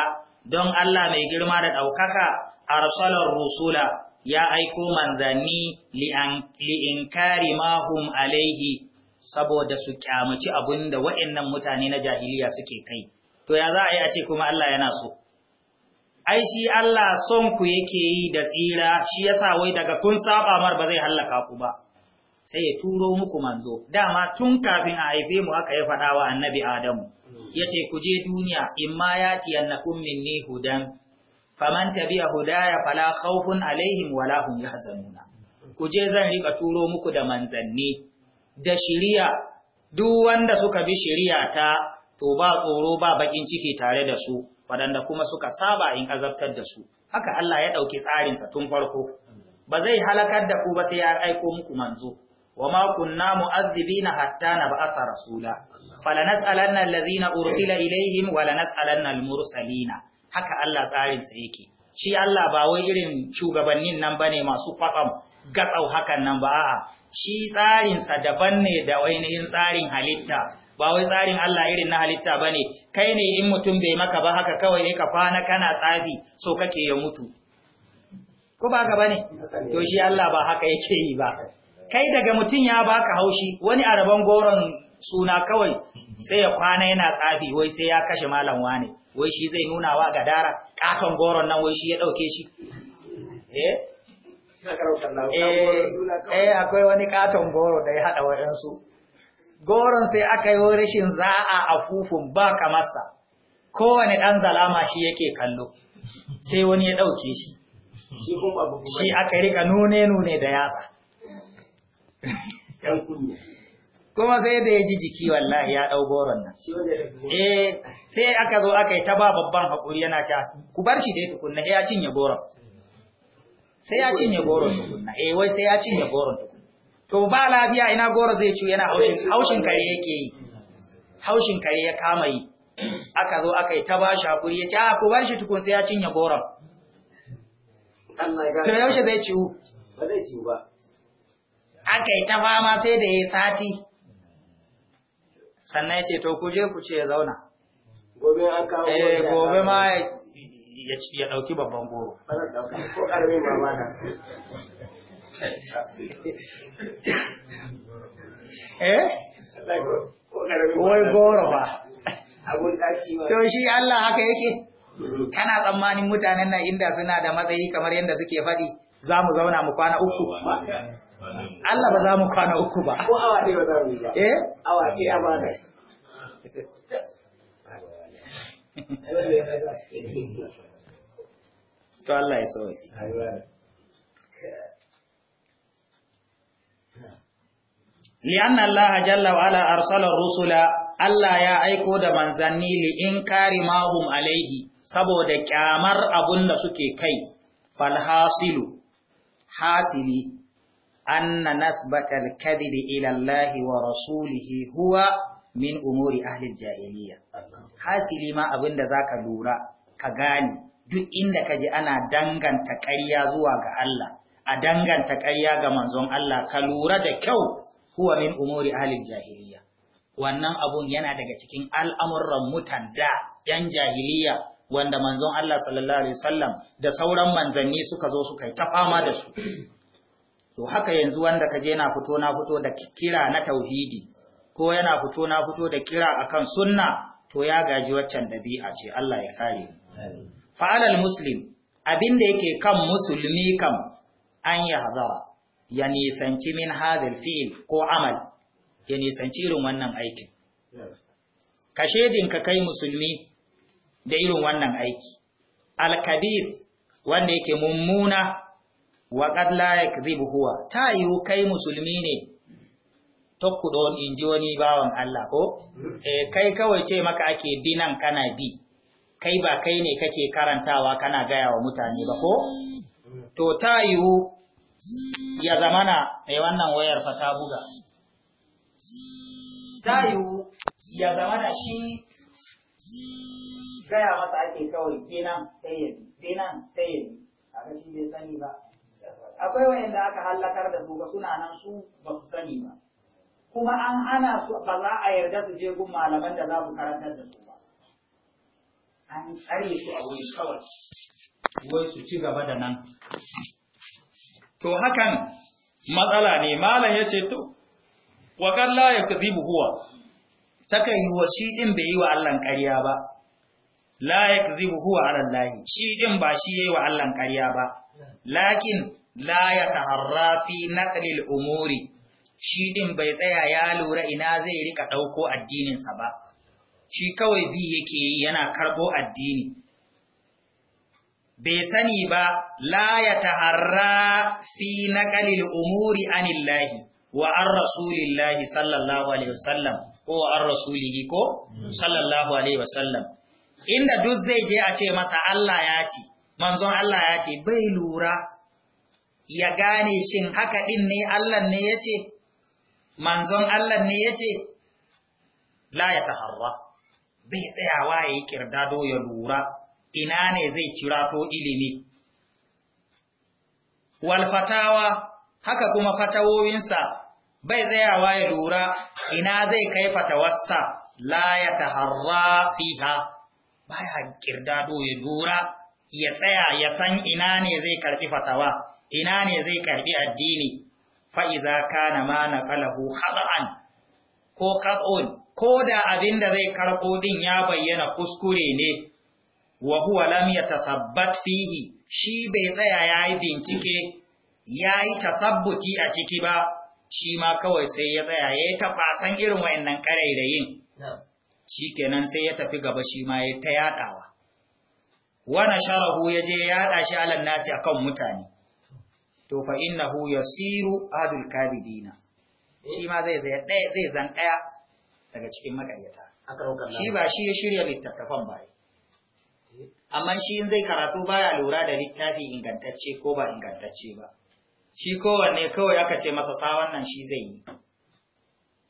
don Allah mai girma da ɗaukaka arsalar rusula ya aiko manzanni li'inkari mahum alaihi saboda su kyamaci abin da wa'innan mutane na jahiliya suke kai. To ya za a yi a ce kuma Allah yana so. Ai shi Allah son ku yake yi da tsira shi yasa wai daga kun saba mar ba zai hallaka ku ba. sai ya turo muku manzo dama tun kafin a haife mu aka yi faɗawa annabi Adamu Ya ce ku je duniya in ma imma yatiyannakum minni hudan faman tabi'a hudaya fala khawfun alaihim wala hum yahzanuna ku je zan rika turo muku da manzanni da shiriya duk wanda suka bi shiriya ta to ba tsoro ba bakin ciki tare da su waɗanda kuma suka saba in azabtar da su haka Allah ya ɗauki tsarinsa tun farko ba zai halakar da ku ba sai ya aiko muku manzo wa ma na mu'azzibina hatta nab'atha rasula falanas'alanna allazina ursila ilaihim wa lanas'alanna al-mursalina haka Allah tsarin sa yake shi Allah ba wai irin shugabannin nan bane masu kwatsam gatsau hakan nan ba a'a shi tsarin daban ne da ainihin tsarin halitta ba wai tsarin Allah irin na halitta bane kai ne in mutum bai maka ba haka kawai ka fana kana tsafi so kake ya mutu ko ba ga bane to shi Allah ba haka yake yi ba kai daga mutum ya baka haushi wani a rabon goron suna kawai sai ya kwana yana tsafi wai sai ya kashe malam wane wai shi zai nuna wa gadara katon goron nan wai shi ya dauke shi eh? eh eh akwai wani katon goro da ya hada wayansu goron sai aka yi rashin za'a a fufun ba kamarsa kowane dan zalama shi yake kallo sai wani ya dauke shi shi aka rika nune nune da yatsa kuma sai da ya ji jiki wallahi ya ɗau goron nan eh sai aka zo aka yi ta ba babban haƙuri yana ca ku bar shi dai tukunna sai ya cinye goron sai ya cinye goron tukunna eh wai sai ya cinye goron tukunna to ba lafiya ina goron zai ciwo yana haushin haushin kare yake yi haushin kare ya kama yi aka zo aka yi ta ba shi haƙuri ya ce a ah, ku bar shi tukun sai ya cinye goron sai yaushe zai ciwo ba zai ciwo ba aka yi ta fama sai da ya sati sannan ya ce to kuje ku ce ya zauna gobe an kawo eh gobe ma ya dauki babban goro ko eh wai goro ba ba to shi Allah haka yake kana tsammanin mutanen nan inda suna da matsayi kamar yadda suke faɗi za mu zauna mu kwana uku Allah ba za mu kwana uku ba. Ko awa ɗaya ba za mu yi ba. Eh? Awa ɗaya ba To Allah ya Allah jalla wa ala arsala rusula Allah ya aiko da manzanni li in kari mahum alaihi saboda kyamar abun da suke kai falhasilu hasili anna nasbata al-kadhibi ila Allah wa rasulihi huwa min umuri ahli jahiliya hasili ma abinda zaka lura ka gane duk inda kaje ana danganta ƙarya zuwa ga Allah a danganta ƙarya ga manzon Allah ka lura da kyau huwa min umuri ahli jahiliya wannan abun yana daga cikin al'amuran mutan da ‘yan jahiliya’ wanda manzon Allah sallallahu Alaihi wasallam da sauran manzanni suka zo suka yi ta fama da su to haka yanzu wanda kaje yana fito na fito da kira na tauhidi ko yana fito na fito da kira akan sunna to ya gaji waccan dabi'a ce Allah ya kare fa'alal muslim abin da yake kan musulmi kam an ya hazara ya nisanci min hadhal fi'l ko amal ya nisanci irin wannan aikin ka ka kai musulmi da irin wannan aiki Al-Kabir wanda yake mummuna wa qad la yakdhibu huwa ta yiwu kai musulmi ne don in ji wani bawan Allah ko eh kai kawai ce maka ake bi nan kana bi kai ba kai ne kake karantawa kana gaya wa mutane ba ko to ta yiwu ya zamana mai eh, wannan wayar fa ta buga ta yiwu ya zamana shi gaya mata ake kawai binan nan sai ya sai a ga shi bai sani ba akwai wayanda aka halakar da su ga suna nan su ba su sani ba kuma an hana su ba za a yarda su je gun malaman da za su karantar da su ba an tsare su a wuri kawai wai su ci gaba da nan to hakan matsala ne malam ya ce to wa kalla ya kafi buhuwa, takan yi wa shi din bai yi wa Allah ƙarya ba la yakzibu huwa ala Allah shi din ba shi yayi wa Allah ƙarya ba lakin la ya taharra fi naqlil umuri shi din bai tsaya ya lura ina zai rika ɗauko addininsa ba shi kawai bi yake yi yana karɓo addini bai sani ba la ya taharra fi naqlil umuri anillahi wa an rasulillahi sallallahu alaihi wasallam ko an rasulihi ko sallallahu alaihi wasallam inda duk zai je a ce masa Allah ya ce manzon Allah ya ce bai lura ya gane shin haka ɗin ne Allah ne ya ce, manzon Allah ne ya ce, la ya taharwa, bai tsayawa ya yi ƙirdado ya lura, ina ne zai cira to ilimi. Walfatawa, haka kuma fatawoyinsa bai tsayawa ya lura, ina zai kai fatawarsa la ya taharwa fiha, baya ƙirdado ya lura, ya tsaya ya san ina ne zai karfi fatawa. ina ne zai karbi addini fa'iza kana ma na kalahu haɗa'an ko ƙaɓon ko da abin da zai karɓo ɗin ya bayyana kuskure ne wa huwa lam ya tasabbat fihi shi bai tsaya ya yi bincike ya yi tasabbuti a ciki ba shi ma kawai sai ya tsaya ya yi tafasan irin wa'annan yin shi kenan sai ya tafi gaba shi ma ya ta yaɗawa wana sharahu ya je ya yaɗa shi alan nasi akan mutane to fa innahu yasiru adul kadibina shi ma zai zai ɗaya zai zan ɗaya daga cikin makaryata shi ba shi ya shirya littattafan ba amma shi in zai karatu baya lura da littafi ingantacce ko ba ingantacce ba shi kowanne kawai aka ce masa sa wannan shi zai yi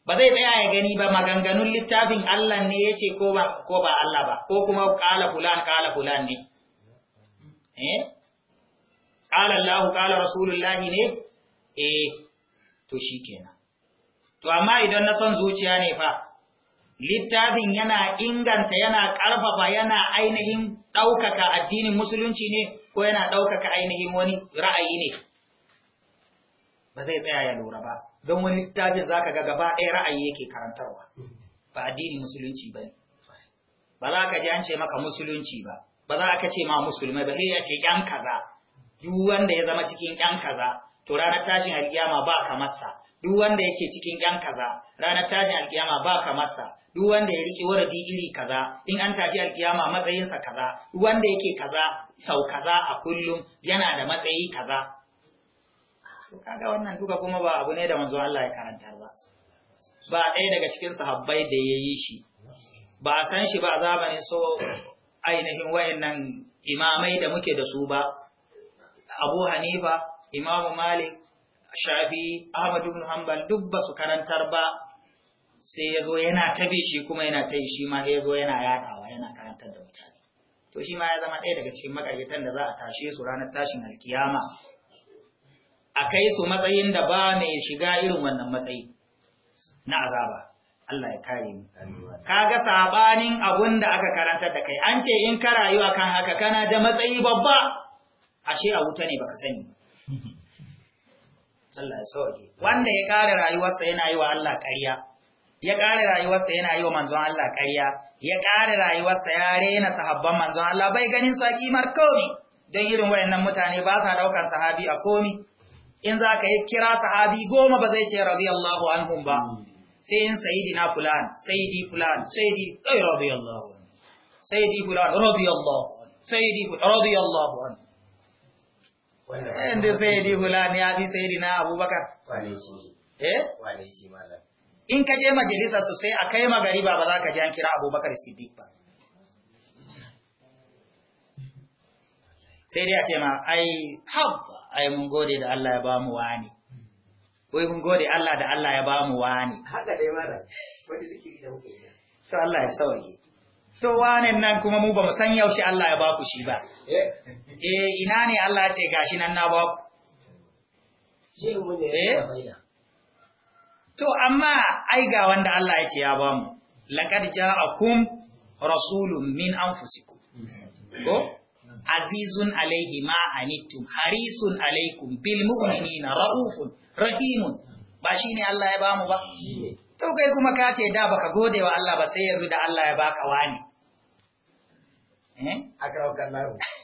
ba zai tsaya ya gani ba maganganun littafin Allah ne ya ce ko ba Allah ba ko kuma kala fulan kala fulan ne eh ƙala Allah ƙala Rasulullah ne eh to shi kenan to amma idan na son zuciya ne fa littafin yana inganta yana ƙarfafa yana ainihin ɗaukaka addinin musulunci ne ko yana ɗaukaka ainihin wani ra'ayi ne ba zai tsaya ya lura ba don wani littafin za ka ga gaba ɗaya ra'ayi yake karantarwa ba addinin musulunci ba ne ba za ka ji an ce maka musulunci ba ba za ka ce ma musulmai ba sai ya ce ‘yan kaza’ duk wanda ya zama cikin yan kaza to ranar tashin alkiyama ba kamarsa duk wanda yake cikin yan kaza ranar tashin alkiyama ba kamarsa duk wanda ya riƙe waradi iri kaza in an tashi alkiyama matsayinsa kaza duk wanda yake kaza sau kaza a kullum yana da matsayi kaza to kaga wannan duka kuma ba abu ne da manzon Allah ya karanta ba ba ɗaya daga cikin sahabbai da ya yi shi ba a san shi ba a zamanin so ainihin wayannan imamai da muke da su ba abu hanifa imamu malik shafi ahmadu ibn hanbal duk ba su karantar ba sai ya zo yana tabe shi kuma yana ta shi ma ya yana yadawa yana karantar da mutane to shi ma ya zama ɗaya daga cikin makaryatan da za a tashe su ranar tashin alkiyama a kai su matsayin da ba mai shiga irin wannan matsayi na azaba Allah ya kare mu ga sabanin abun da aka karantar da kai an ce in ka rayuwa kan haka kana da matsayi babba ashe a wuta ne baka sani Allah ya sauke wanda ya kare rayuwarsa yana yi wa Allah ƙarya ya kare rayuwarsa yana yi wa manzon Allah ƙarya ya kare rayuwarsa ya rena sahabban manzon Allah bai ganin sa kimar komi don irin wayannan mutane ba sa daukan sahabi a komi in za ka yi kira sahabi goma ba zai ce radiyallahu anhum ba sai in sayidina fulan sayidi fulan sayidi eh, radiyallahu anhu sayidi fulan radiyallahu anhu sayidi radiyallahu anhu Wanda sai di ni ya fi sai na abubakar. Eh? In ka je majalisa su sai a kai magariba ba za ka ji an kira abubakar siddiq ba. Sai dai a ce ma, ai, habba, ai mun gode da Allah ya ba mu wani. Wai mun gode Allah da Allah ya ba mu wani. Haka dai mara, wani zikiri da muke yi. To Allah ya sawage. To wani nan kuma mu ba mu san yaushe Allah ya ba ku shi ba. Eh. eh ina ne Allah ce gashi nan na ba ku eh? to amma ai ga wanda Allah yake ya ba mu laqad ja'akum rasulun min anfusikum ko azizun alaihi ma anittum harisun alaikum bil mu'minina raufun rahimun ba shine Allah ya ba mu ba to kai kuma ka ce da baka gode wa Allah ba sai yanzu da Allah ya baka wani eh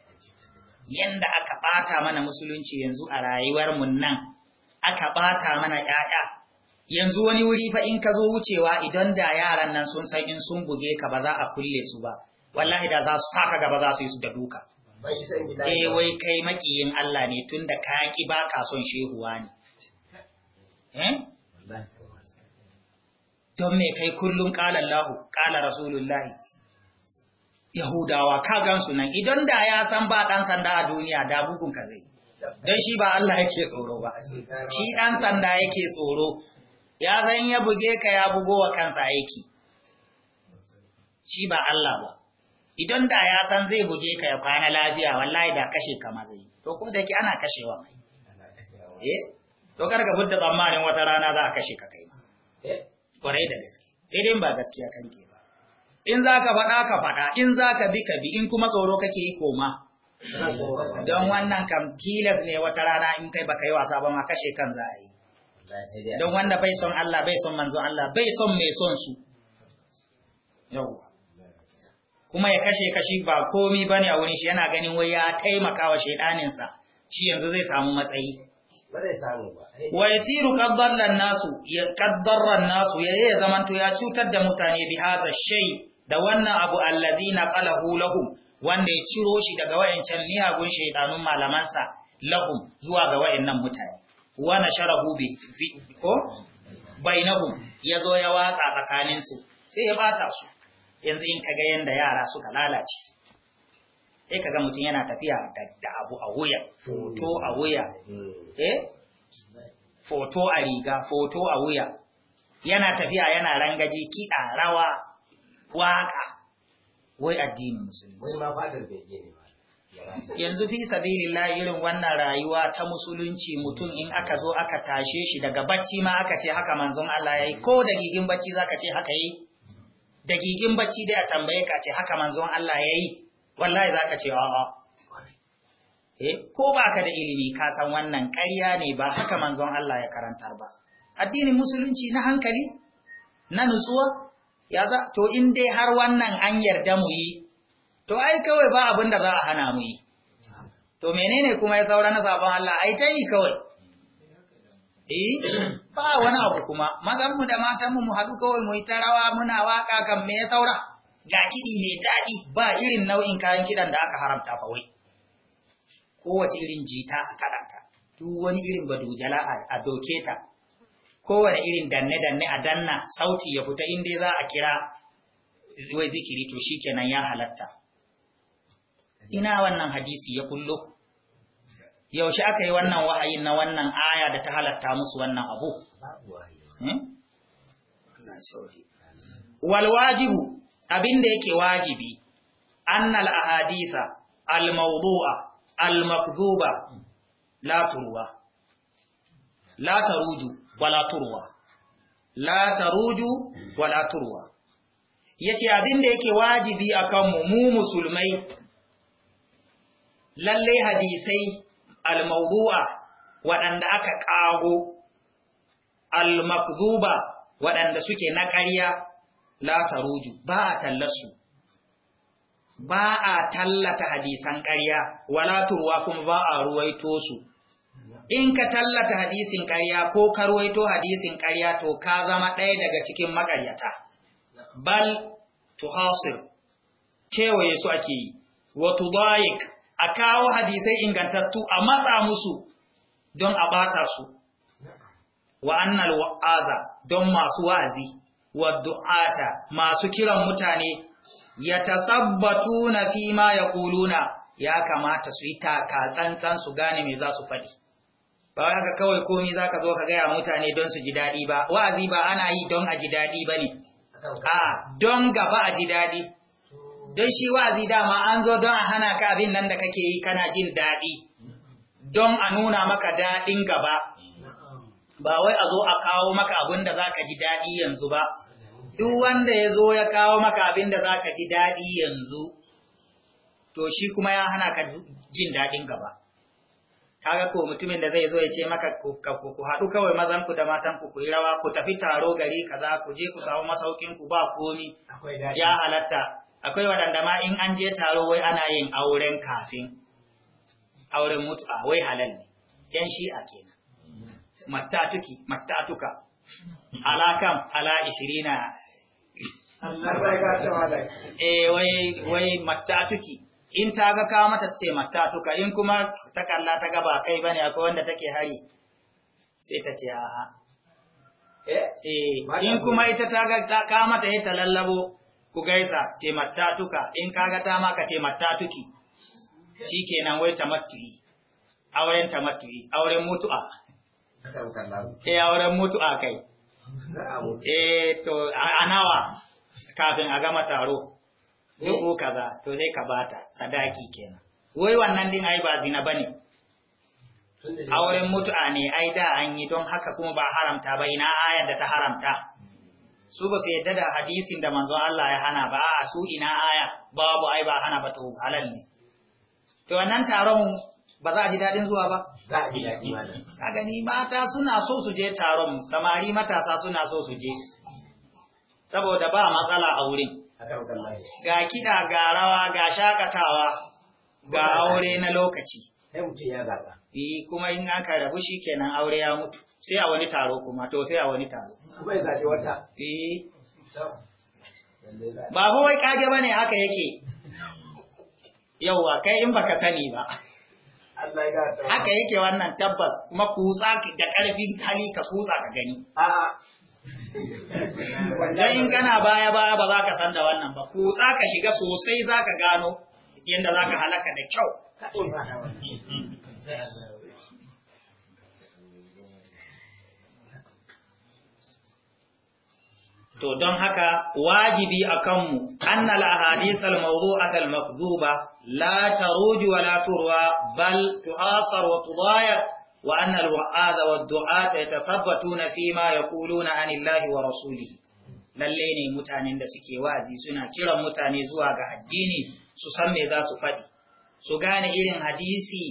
yanda aka ɓata mana musulunci yanzu a rayuwarmu nan aka ɓata mana ‘ya'ya yanzu wani wuri fa in ka zo wucewa idan da yaran nan sun san in sun buge ka ba za a kulle su ba wallahi da za su saka gaba za su yi su da duka eh wai kai makiyin Allah ne tunda ka ki ba ka son shehuwa ne eh? don me kai kullum qala Allah qala rasulullahi Yahudawa ka gansu nan idan da ya san ba ɗan sanda a duniya da bugun ka zai don shi ba Allah yake tsoro ba shi ɗan sanda yake tsoro ya zan ya buge ka ya bugo wa kansa aiki shi ba Allah ba idan da ya san zai buge ka ya kwana lafiya wallahi da kashe ka ma zai to ko da yake ana kashewa mai eh to kar ka budda tsammanin wata rana za a kashe ka kai ma eh? kwarai da gaske sai dai ba gaskiya kan ke in za ka faɗa ka faɗa in za ka bi ka bi in kuma tsoro kake yi koma don wannan kam kilas ne wata rana in kai baka yi wasa ba ma kashe kan za a yi don wanda bai son Allah bai son manzon Allah bai son mai son su yawwa kuma ya kashe kashi ba komi bane a wurin shi yana ganin wai ya taimaka wa sa shi yanzu zai samu matsayi wa yasiru qaddarran nasu ya qaddarran nasu ya zamanto ya cutar da mutane bi hadha shay da wannan abu allazi na qalahu lahum wanda ya ciro shi daga wayancan miyagun shaidanun malamansa lahum zuwa ga wayannan mutane wa sharahu bi ko bainahum ya zo ya watsa tsakaninsu, su sai ya bata su yanzu in kaga yanda yara suka lalace sai kaga mutum yana tafiya da abu a wuya foto a wuya eh foto a riga foto a wuya yana tafiya yana rangaji kiɗa rawa waka wai addinin musulmi wai bege ne yanzu fi sabilillah irin wannan rayuwa ta musulunci mutum in aka zo aka tashe shi daga bacci ma aka ce haka manzon Allah yayi ko da gigin bacci zaka ce haka yi da gigin bacci dai a tambaye ka ce haka manzon Allah yayi wallahi zaka ce a'a eh ko baka da ilimi ka san wannan ƙarya ne ba haka manzon Allah ya karantar ba addinin musulunci na hankali na nutsuwa ya za to in dai har wannan an yarda mu yi to ai kawai ba abin da za a hana mu yi to menene kuma ya saura na sabon Allah ai ta yi kawai eh ba wani abu kuma mazan mu da matan mu mu haɗu kawai mu yi ta rawa muna waka kan me ya saura ga kiɗi mai daɗi ba irin nau'in kayan kiɗan da aka haramta fa wai kowace irin jita a kaɗa ta duk wani irin badujala a doke ta kowane irin danne-danne a danna sauti ya fita inda za a kira wai zikiri to shi kenan ya halatta. Ina wannan hadisi ya kullo, yaushe aka yi wannan wahayi na wannan aya da ta halatta musu wannan abu? Hmm? Walwajibu abinda da yake wajibi, annal ahadisa, al-maudu'a, al-makzuba, la turwa, la taruju. wala turwa la taruju wala turwa yace abin da yake wajibi akan mu mu musulmai lalle hadisai al-mawdu'a waɗanda aka kago al-makdhuba waɗanda suke na ƙarya la taruju ba a tallasu ba a tallata hadisan ƙarya wala turwa kuma ba a ruwaito su in ka tallata hadisin ƙarya ko karwaito hadisin ƙarya to ka zama ɗaya daga cikin maƙaryata bal tuhasir kewaye su ake yi wa tudayik a kawo hadisai ingantattu a matsa musu don a bata su wa annal wa'aza don masu wa'azi wa du'ata masu kiran mutane Ya na fi ma ya kuluna ya kamata su yi taka tsantsan su gane me za su faɗi ba haka kawai komi za ka zo ka gaya mutane don su ji daɗi ba wa'azi ba ana yi don a ji daɗi ba ne a don gaba a ji daɗi don shi wa'azi dama an zo don a hana ka abin nan da kake yi kana jin daɗi don a nuna maka daɗin gaba ba wai a zo a kawo maka abin da za ka ji daɗi yanzu ba duk wanda ya zo ya kawo maka abin da za ka ji daɗi yanzu to shi kuma ya hana ka jin daɗin gaba kaga ko mutumin da zai zo ya ce maka ku haɗu kawai mazan ku da matan ku ku yi rawa ku tafi taro gari kaza ku je ku samu masaukin ku ba komi ya halatta akwai waɗanda ma in an je taro wai ana yin auren kafin auren mutuwa wai halal ne yan shi'a kenan matta tuka alakan ala ishirina eh wai wai tuki. in ta ga ka mata ce mata tuka in kuma ta kalla ta gaba kai bane akwai wanda take hari sai ta ce aha eh, eh in kuma ita ta ga ka mata yi ta ku gaisa ce mata tuka in ka ga ta ka ce mata tuki shikenan wai ta matuyi auren ta matuyi auren mutu'a eh auren mutu'a kai eh to anawa kafin a gama taro ko kaza to sai ka bata sadaki kenan wai wannan din ai ba zina bane auren mutu'a ne ai da an yi don haka kuma ba haramta ba ina ayar da ta haramta su ba su yadda da hadisin da manzon Allah ya hana ba a su ina aya babu ai ba hana ba to halal ne to wannan taron ba za a ji dadin zuwa ba za ka gani mata suna so su je taron samari matasa suna so su je saboda ba matsala a wurin Ga kiɗa, ga rawa, ga shakatawa, ga aure na lokaci. Sai mutum ya zaɓa. Yi eh, kuma in aka rabu shi kenan aure ya mutu, sai a wani taro kuma, to sai a wani taro. Kuma ya zaɓi wata. Eh. Yi. Ba wai kage ba ne haka yake. Yauwa, kai in baka sani ba. Haka yake wannan tabbas, kuma kutsa da ƙarfin hali ka kutsa ka gani. A'a. dan in baya baya ba za ka san da wannan ba ko za ka shiga sosai za ka gano yadda za ka halaka da kyau to don haka wajibi a kanmu annal ahadisal al-mawdu'at al-makdhuba la taruju wa la turwa bal tuhasar wa tudayar wa annal wa'aza wa du'ata yatathabbatuna fi ma yaquluna anillahi wa rasulihi lalle ne mutanen da suke wa'azi suna kiran mutane zuwa ga addini su san me za su faɗi su gane irin hadisi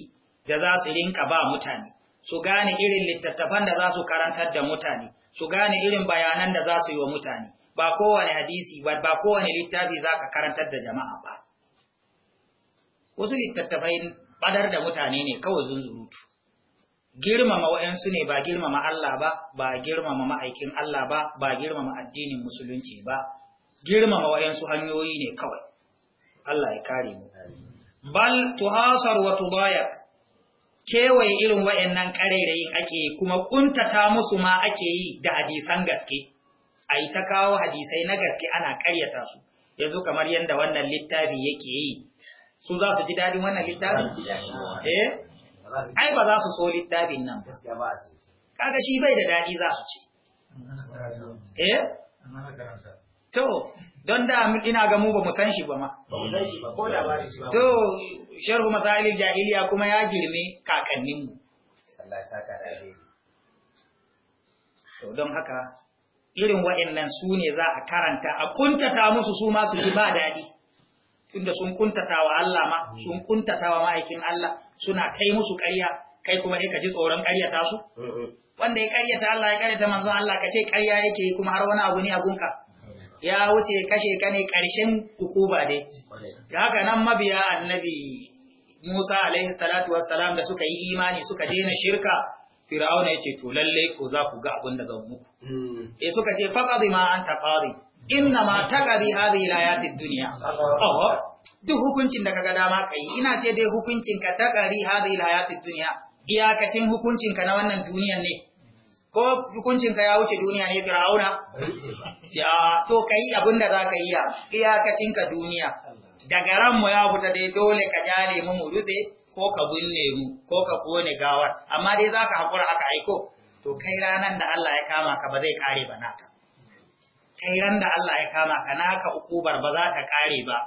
da za su rinka ba mutane su gane irin littattafan da za su karantar da mutane su gane irin bayanan da za su yi wa mutane ba kowane hadisi kowane littafi za ka karantar da jama'a ba wasu littattafai badar da mutane ne kawai zunzurutu girmama wa'yansu ne ba girmama Allah ba ba girmama ma'aikin Allah ba ba girmama addinin musulunci ba girmama wa'yansu hanyoyi ne kawai Allah ya kare mu bal tuhasar wa tudayak kewaye irin wa'yannan ƙarairayi ake kuma ƙuntata musu ma ake yi da hadisan gaske a yi ta kawo hadisai na gaske ana ƙaryata su yanzu kamar yadda wannan littafi yake yi su za su ji daɗin wannan littafin? eh ai ba za su so littafin nan kaga shi bai da daɗi za su ce eh to don da ina ga mu ba mu san shi ba ma to sharhu masailil jahiliya kuma ya girme kakannin mu to don haka irin wa'annan su ne za a karanta a kuntata musu su ma su ji ba daɗi tunda sun kuntata Allah ma sun kuntata ma'aikin Allah suna kai musu ƙarya kai kuma sai ka ji tsoron ƙaryata su wanda ya ƙaryata Allah ya ƙaryata manzon Allah ka ce ƙarya yake kuma har wani abu ne a gunka ya wuce kashe ka ne ƙarshen hukuba dai da haka nan mabiya annabi Musa alaihi salatu wassalam da suka yi imani suka daina shirka Fir'auna ya ce to lallai ko za ku ga abin da muku. Mm. Eh suka ce faqadi ma anta qadi inna ma taqadi ya alayatid duniya. oh duk hukuncin da kaga dama kai ina ce dai hukuncin ka ta taqadi hadhihi alayatid duniya. iyakacin hukuncin ka na wannan duniyan ne ko hukuncin ka ya wuce duniya ne fir'auna ya to kai abinda zaka yi iyakacin ka duniya daga ran mu ya fita dai dole ka ja mu mu rute ko ka binne mu ko ka kone gawar amma dai zaka hakura haka aiko to kai ranan da Allah ya kama ka ba zai kare ba naka kai ran da Allah ya kama ka naka ukubar ba za ta kare ba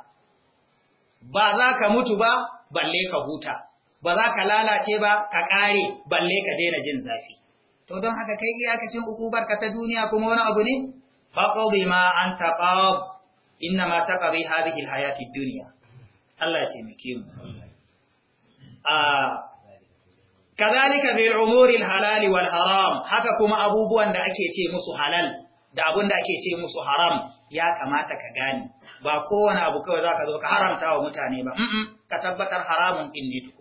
ba za ka mutu ba balle ka huta ba za ka lalace ba ka kare balle ka daina jin zafi to don haka kai iyakacin ukubar ka ta duniya kuma wani abu ne faqdi ma anta qab inna ma taqdi hadhihi alhayati ad-dunya Allah ya taimake mu a kazalika bil umuri halal wal haram haka kuma abubuwan da ake ce musu halal da abin da ake ce musu haram ya kamata ka gane ba kowane abu kawai za ka zo ka haramta wa mutane ba ka tabbatar haramun ɗin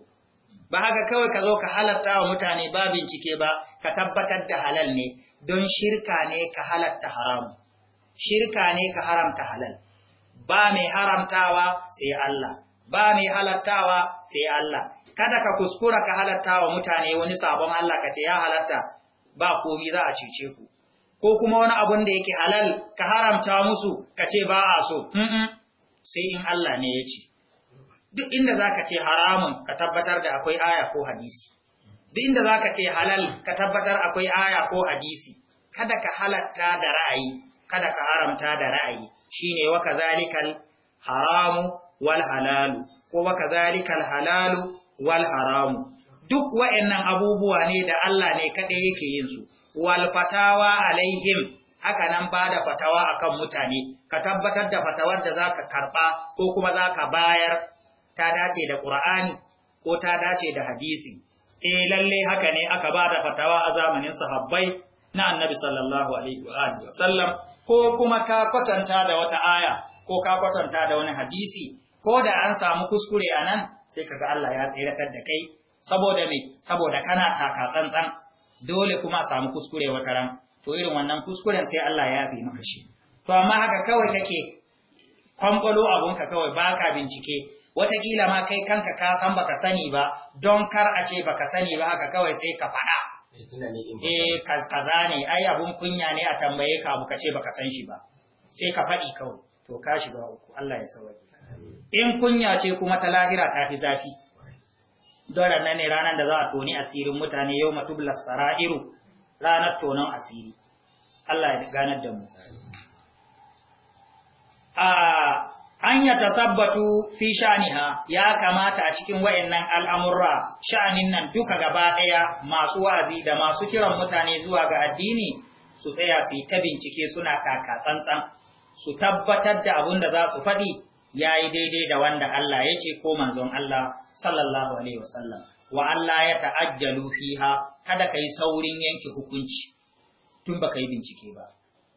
ba haka kawai ka zo ka halatta wa mutane ba bincike ba ka tabbatar da halal ne don shirka ne ka halatta haramu shirka ne ka haramta halal ba mai haramtawa sai Allah ba mai halattawa sai Allah kada ka kuskura ka halatta wa mutane wani sabon Allah ka ce ya halatta ba komai za a cece ku ko kuma wani abun da yake halal ka haramta musu ka ce ba a so sai in Allah ne ya ce duk inda za ka ce haramun ka tabbatar da akwai aya ko hadisi duk inda za ka ce halal ka tabbatar akwai aya ko hadisi kada ka halatta da ra'ayi kada ka haramta da ra'ayi shine wa kazalikal haramu wal halalu ko wa kazalikal halalu wal haramu duk wa'annan abubuwa ne da Allah ne kaɗai yake yin su wal fatawa alaihim haka nan ba da fatawa kan mutane ka tabbatar da fatawar da zaka karɓa ko kuma zaka bayar ta dace da Qur'ani ko ta dace da hadisi eh lalle haka ne aka ba da fatawa a zamanin sahabbai na annabi sallallahu alaihi wasallam ko kuma ka kwatanta da wata aya ko ka kwatanta da wani hadisi ko da an samu kuskure anan sai kaga Allah ya tsiratar da kai saboda me saboda kana taka tsantsan dole kuma a samu kuskure wata ran to irin wannan kuskuren sai Allah ya yafe maka shi to amma haka kawai kake kwamfalo abunka kawai baka bincike watakila ma kai kanka ka san baka sani ba don kar a ce baka sani ba haka kawai sai ka faɗa eh kaza ne eh, ai abun kunya ne a tambaye ka abu ka ce baka san shi ba sai ka faɗi kawai to ka shiga uku Allah ya sauke in kunya ce kuma ta lahira ta fi zafi don ranar ne ranar da za a toni asirin mutane yau matublar sara'iru ranar tonon asiri Allah ya ganar da mu an ya tasabbatu fi sha'niha ya kamata a cikin wayannan al'amurra sha'anin nan duka gaba ɗaya masu wa'azi da masu kiran mutane zuwa ga addini su tsaya su yi ta bincike suna kaka tsantsan su tabbatar da abin da za su faɗi ya yi daidai da wanda Allah ya ce ko manzon Allah sallallahu alaihi wasallam wa Allah ya ta'ajjalu fiha kada kai saurin yanke hukunci tun baka yi bincike ba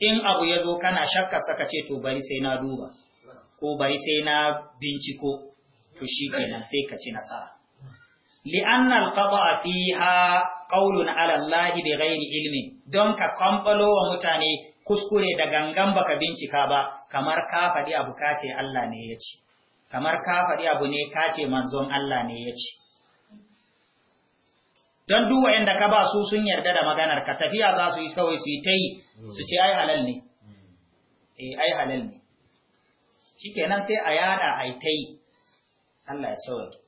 in abu ya zo kana shakka saka ce to bari sai na duba ko bari sai na binciko to shi kenan sai ka ci nasara li'anna al a fiha qawlun 'ala Allah bi ghairi ilmin don ka kamfalo wa mutane kuskure da gangan baka bincika ba kamar ka faɗi abu ka ce Allah ne ya ce kamar ka faɗi abu ne ka ce manzon Allah ne ya ce don duk inda ka ba su sun yarda da maganar ka tafiya za su yi kawai su yi ta yi su ce ai halal ne eh ai halal ne kenan sai a yada ai ta yi Allah ya sauke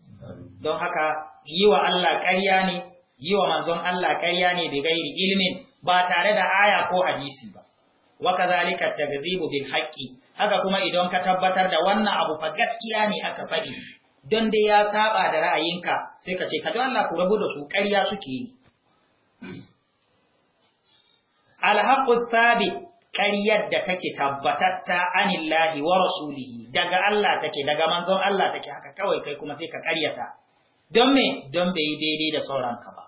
don haka yi wa Allah ƙarya ne yi wa manzon Allah ƙarya ne da gairi ilmin ba tare da aya ko hadisi ba. wa kazalika takdhibu bil haqqi haka kuma idan ka tabbatar da wannan abu fa gaskiya ne aka faɗi don dai ya saba da ra'ayinka sai ka ce ka ga Allah ku rabu da su ƙarya suke yi al haqqu thabit ƙaryar da take tabbatatta anillahi wa rasulihi daga Allah take daga manzon Allah take haka kawai kai kuma sai ka ƙaryata don me don bai daidai da sauran ka ba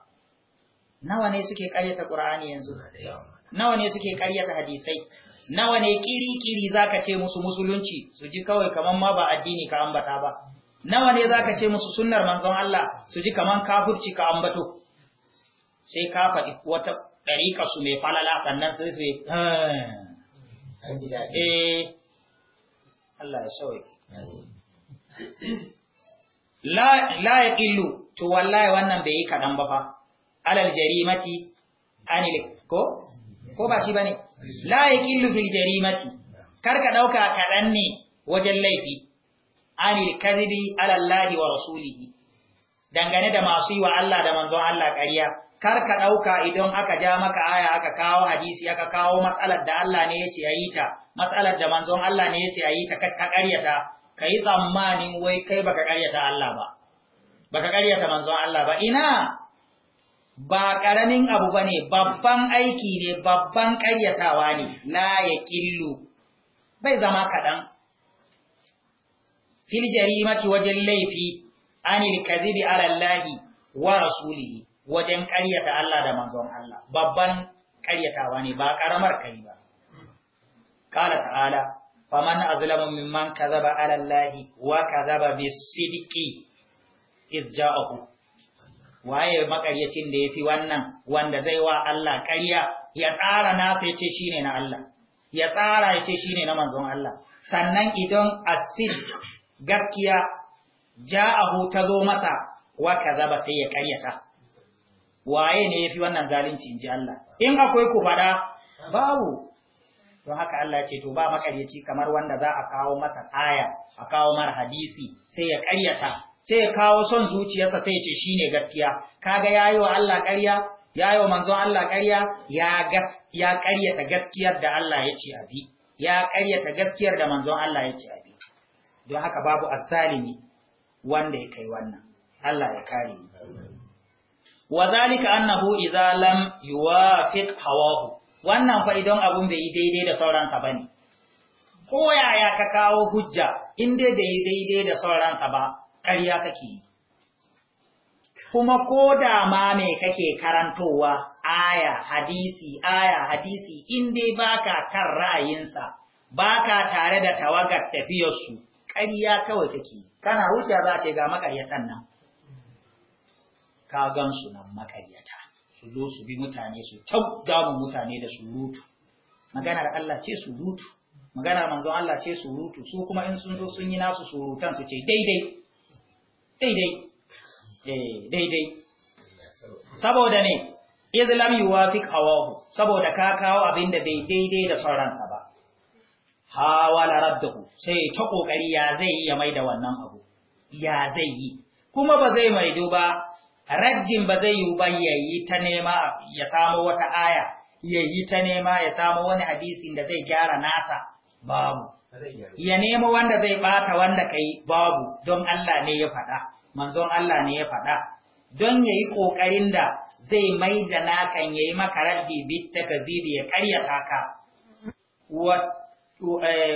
nawa ne suke ƙaryata Qur'ani yanzu da yawa nawa ne suke karyata hadisai nawa ne kiri-kiri zaka ce musu musulunci su ji kawai kaman ma ba addini ka ambata ba nawa ne zaka ce musu sunnar manzon Allah su ji kaman kafirci ka ambato sai ka faɗi wata ɗariƙa su mai falala sannan sai su eh Allah ya sauke la ya ƙillu to wallahi wannan bai yi kaɗan ba fa alal jarimati anil ko ko ba shi bane la yaqillu fil Kar karka ɗauka kaɗan ne wajen laifi anil kadhibi ala wa rasulihi dangane da masu yi wa Allah da manzon Allah Kar karka ɗauka idan aka ja maka aya aka kawo hadisi aka kawo matsalar da Allah ne yace yayi ta matsalar da manzon Allah ne yace yayi ta ka ƙaryata yi tsammanin wai kai baka ƙaryata Allah ba baka ƙaryata manzon Allah ba ina ba ƙaramin abu ba ne babban aiki ne babban ƙaryatawa ne la ya ƙillu bai zama kaɗan Filjari jarimati wajen laifi anil kazibi alallahi wa rasulihi wajen ƙaryata Allah da manzon Allah babban ƙaryatawa ne ba ƙaramar kai ba kala ta'ala faman azlamu mimman kazaba alallahi wa kazaba bis sidqi iz ja'ahu waye makaryacin da yafi wannan wanda zai wa Allah ƙarya ya tsara nasa yace shine na Allah ya tsara yace shine na manzon Allah sannan idan asid gaskiya ja'ahu tazo masa wa kazaba sai ya ƙaryata waye ne yafi wannan zalunci inji Allah in akwai ku fada babu don haka Allah ce to ba makaryaci kamar wanda za a kawo masa aya a kawo mar hadisi sai ya ƙaryata sai ya kawo son zuciyarsa sai ce shi ne gaskiya kaga yi wa Allah ƙarya yi wa manzon Allah ƙarya ya karyata ƙaryata gaskiyar da Allah ya ce abi ya ƙaryata gaskiyar da manzon Allah ya ce abi don haka babu azzalimi wanda ya kai wannan Allah ya kare ni wa zalika annahu idza lam yuwafiq hawahu wannan fa idan abun bai yi daidai da sauransa bane ko yaya ka kawo hujja in dai bai yi daidai da sauransa ba ƙarya kake yi kuma ko da ma me kake karantowa aya hadisi aya hadisi in dai baka kan ra'ayinsa baka tare da tawagar tafiyarsu ƙarya kawai take kana wuce za ce ga makaryatan nan ka gan su nan makaryata su zo su bi mutane su taugamun mutane da surutu maganar Allah ce surutu maganar manzon Allah ce surutu su kuma in sun zo sun yi nasu surutan su ce daidai daidai eh, daidai saboda ne izlam yuwafiq hawahu saboda ka kawo abin da bai daidai da sauransa ba hawala raddahu sai ta kokari ya zai yi ya da wannan abu ya zai yi kuma ba zai maido ba raddin ba zai yi ba yi ta nema ya samu wata aya yayi ta nema ya samu wani hadisin da zai gyara nasa babu ya nemo wanda zai bata wanda kai babu don Allah ne ya faɗa manzon Allah ne ya faɗa don ya yi ƙoƙarin da zai mai da nakan ya yi maka raddi bitta ka ya karyata ka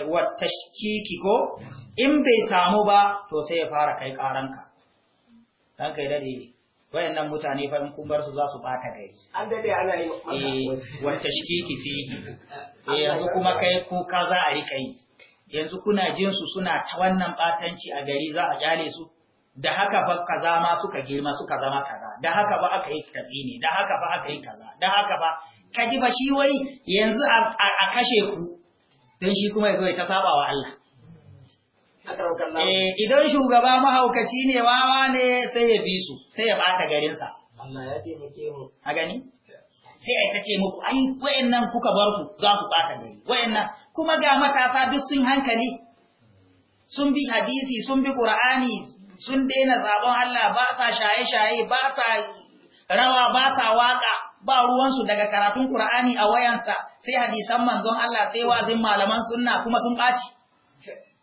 wata eh, shiki ko in bai samu ba to sai ya fara kai ƙaranka don kai daɗe nan mutane fa in kun bar su za su bata gari an dade ana yi eh, wata shiki fi eh, yanzu kuma kai kuka za a yi kai yanzu kuna jinsu suna ta wannan batanci a gari za a gyale su da haka ba kaza ma suka girma suka zama kaza da haka ba aka yi katsi ne da haka ba aka yi kaza da haka ba kaji ba shi wai yanzu a kashe ku don shi kuma yazo ya saba wa Allah eh idan shugaba mahaukaci ne wawa ne sai ya bi su sai ya bata garin sa Allah ya taimake mu a gani sai ai tace muku ai wayannan kuka bar su za su bata gari wayannan kuma ga matasa duk sun hankali sun bi hadisi sun bi ƙur'ani sun daina zaɓen Allah ba sa shaye-shaye ba sa rawa ba sa waƙa ba ruwansu daga karatun ƙur'ani a wayansa sai hadisan manzon Allah sai wazin malaman sunna kuma sun ɓaci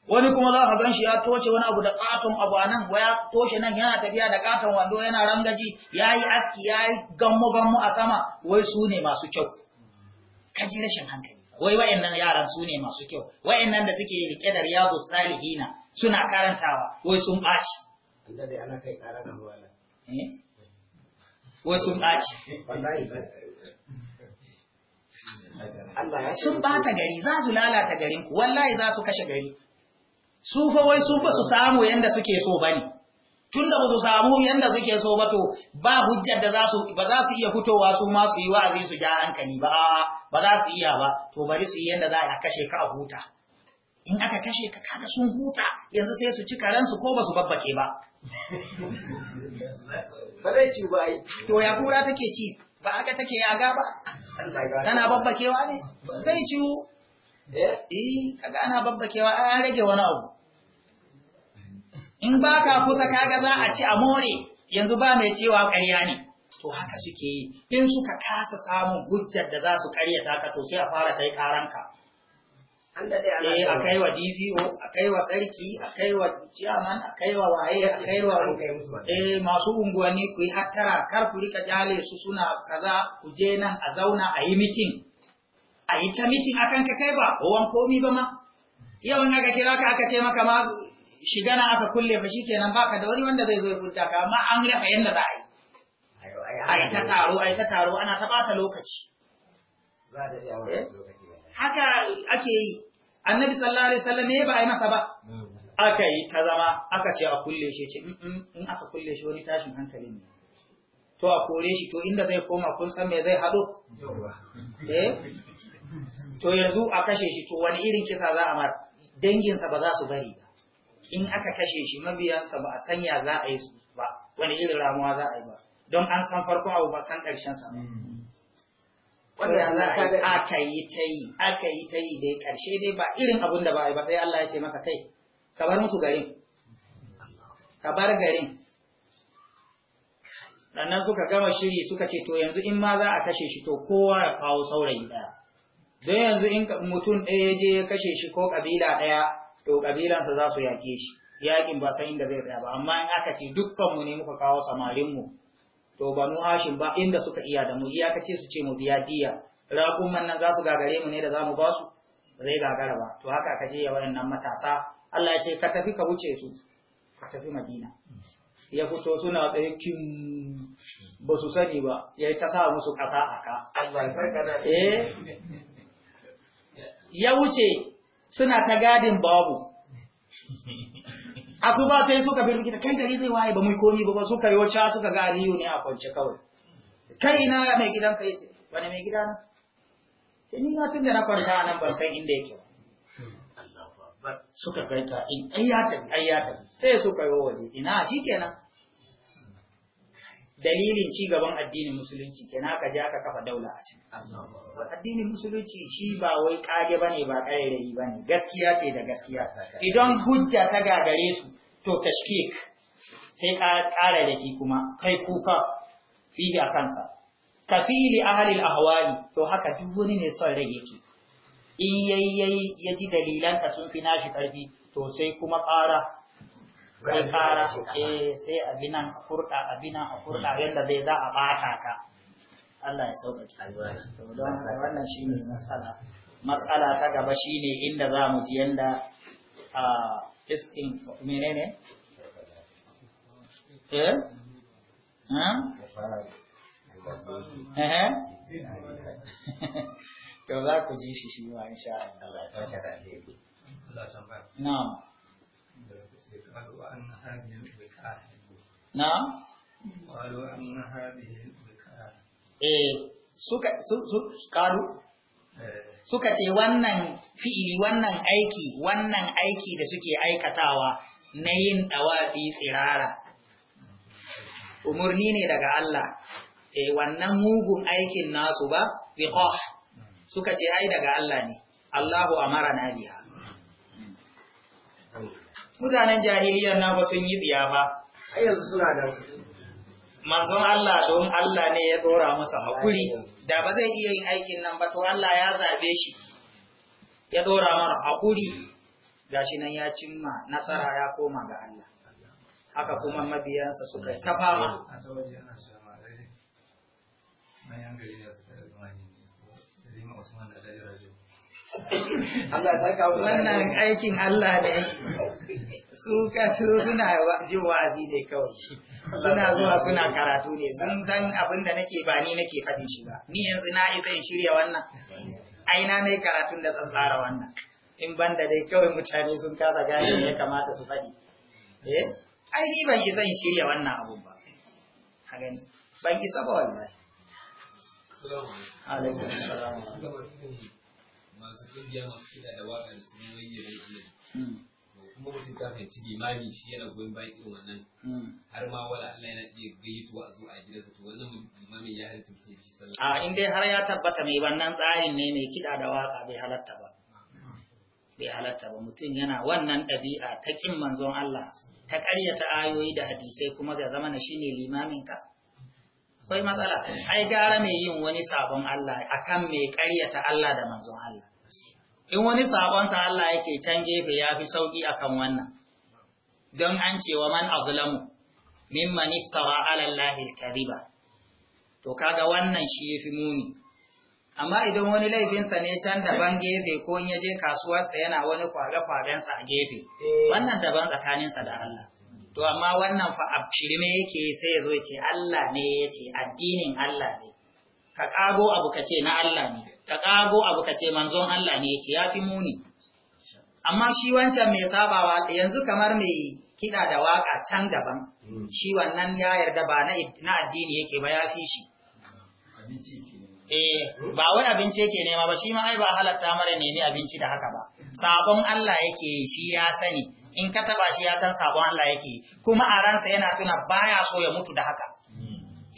wani kuma za ka gan shi ya toshe wani abu da ƙaton abu a nan ya toshe nan yana tafiya da ƙaton wando yana rangaji ya yi aski ya yi gammo gammo a sama wai su ne masu kyau ka ji rashin hankali wai wayannan yaran su ne masu kyau wayannan da suke rike da riyadus salihina suna karantawa wai sun baci annabi ana kai karanta eh wai sun baci wallahi sun bata gari za su lalata garin ku wallahi za su kashe gari su fa wai su ba su samu yanda suke so bane tunda ba su samu yanda suke so ba to ba hujjar da za su ba za su iya fitowa su ma su yi wa'azi su ja hankali ba ba za su iya ba to bari su yi yanda za a kashe ka a huta in aka kashe ka kaga sun huta yanzu sai su ci karensu ko ba su babbake ba bare ci ba yi to ya kura take ci ba aka take yaga ba tana babbakewa ne zai ciwo eh? eh kaga ana babbakewa an rage wani abu in ba ka kusa kaga za a ci a more yanzu ba mai cewa ƙarya ne to haka suke yi in suka kasa samun hujjar da za su ta ka to sai a fara kai ƙaranka Eh a kai wa DPO, a kai wa sarki, a kai wa chairman a kai wa waye, a kai wa eh masu unguwanni ku yi hattara kar ku rika jale su suna kaza ku je nan a zauna a yi mitin. A yi ta mitin akan ka kai ba, kowan komi ba ma. Yawan aka kira ka aka ce maka ma shiga na aka kulle fa shikenan baka da wani wanda zai zo ya kunta ka amma an rafa yanda za a yi ai ta taro ai ta taro ana ta bata lokaci eh? haka ake yi annabi sallallahu alaihi wasallam ya ba ai masa ba aka yi ta zama aka ce a kulle shi ce in aka kulle shi wani tashin hankali ne to a kore shi to inda zai koma kun san me zai hado eh to yanzu a kashe shi to wani irin kisa za a mar danginsa ba za su bari ba in aka kashe shi mabiyansa ba a sanya za a yi su ba wani irin ramuwa za a yi ba don an san farko abu ba san ƙarshen sa mm. wanda za a yi aka yi ta yi aka yi ta yi dai ƙarshe dai ba irin abun da ba a yi ba sai Allah ya ce masa kai ka bar musu garin ka bar garin sannan suka gama shiri suka ce to yanzu in ma za a kashe shi to kowa ya kawo saurayi ɗaya don yanzu in mutum ɗaya je ya kashe shi ko ƙabila ɗaya to sa za su yake shi yaƙin ba san inda zai tsaya ba amma in aka ce dukkanmu ne muka kawo mu to banu hashin ba inda suka iya da mu iyakace su ce mu biya diya man nan za su gagare mu ne da za mu ba su zai gagara ba to haka aka je ya wayannan matasa Allah ya ce ka tafi ka wuce su ka tafi Madina ya fito suna tsaye kin ba su sani ba ya ta sa musu ya sarka da eh ya wuce suna ta gadin babu asuba sai suka bi likita kai gari zai waye ba mai komi ba suka yi wacce suka ga aliyu ne a kwance kawai kai ina mai gidan ka yace wani mai gida na sai ni na tunda na kwanta nan ban kai inda yake ba suka kai ta in ayyata ayyata sai suka yi waje ina shikenan dalilin ci gaban addinin musulunci kenan ka je aka kafa daula a can addinin musulunci shi ba wai kage bane ba karerai bane gaskiya ce da gaskiya idan hujja ta gagare su to tashkik sai ka kara da kuma kai kuka fi a kansa kafili ahalil ahwali to haka duk wani ne son rage ki in yayi yaji dalilan ka sun fi nashi karfi to sai kuma fara. zai fara eh sai abin a furda abin a furda hmm. yadda zai za a bata ka Allah ya sauka sauƙaƙe to don haka wannan shine matsala matsala ta gaba shine inda za mu ji yanda a istin menene eh eh to za ku ji shi shi wa insha Allah Allah na'am قالوا أن هذه نعم قالوا أن هذه suka su, su karu suka ce wannan fi'ili wannan aiki wannan aiki da suke aikatawa na yin dawafi tsirara umurni ne daga Allah eh wannan mugun aikin nasu ba biqah suka ce ai daga Allah ne Allahu amara na biya mutanen jahiliyar na ba sun yi biya ba yanzu suna da manzon Allah don Allah ne ya dora masa hakuri da ba zai iya yin aikin nan ba to Allah ya zabe shi ya dora mara hakuri gashi nan ya cimma nasara ya koma ga Allah haka kuma mabiyansa suka ta fama Allah ya wannan aikin Allah ne su suna jin wa'azi ne kawai suna zuwa suna karatu ne sun san abin da nake ba ni nake faɗin shi ba ni yanzu na isa in shirya wannan aina ne karatun da zan tsara wannan in banda dai kawai mutane sun kasa gane ya kamata su faɗi eh ai ni ban isa in shirya wannan abu ba a gani ban isa ba wallahi alaikum assalam masu kungiya masu kida da waƙa da su ne wani yare kuma ba mutum ka fahimci bi shi yana goyon bayan irin wannan hmm. har ma wala Allah yana iya gayyatuwa a zo a gidansa to wannan mamin ya halatta mutum shi sallah a in dai har ya tabbata mai wannan tsarin ne mai kida da waka bai halatta ba bai halatta ba mutum yana wannan ɗabi'a ta kin manzon Allah ta ƙaryata ayoyi da hadisai kuma ga zamana shine limamin ka akwai matsala ai gara mai yin wani sabon Allah akan mai ƙaryata Allah da manzon Allah in wani sabonsa Allah yake can gefe ya fi sauƙi akan wannan don an cewa man azlamu min iftara ala kariba to kaga wannan shi yafi muni amma idan wani laifinsa ne can daban gefe ko in yaje kasuwarsa yana wani kware-kwarensa a gefe eh. wannan daban tsakaninsa da Allah to amma wannan fa abshirme yake sai yazo ce Allah ne yace addinin Allah ne ka kago abu kace na Allah ne ka ƙago abu ka ce manzon Allah ne yake ya fi muni amma shi wancan mai sabawa yanzu kamar mai kiɗa da waka can daban hmm. shi wannan ya yarda ba na addini yake ba ya fi shi eh, ba wai abinci yake nema ba shi ma ai ba halatta mara nemi abinci da haka ba sabon Allah yake shi ya sani in ka taba shi ya san sabon Allah yake kuma a ransa yana tuna baya so ya mutu da haka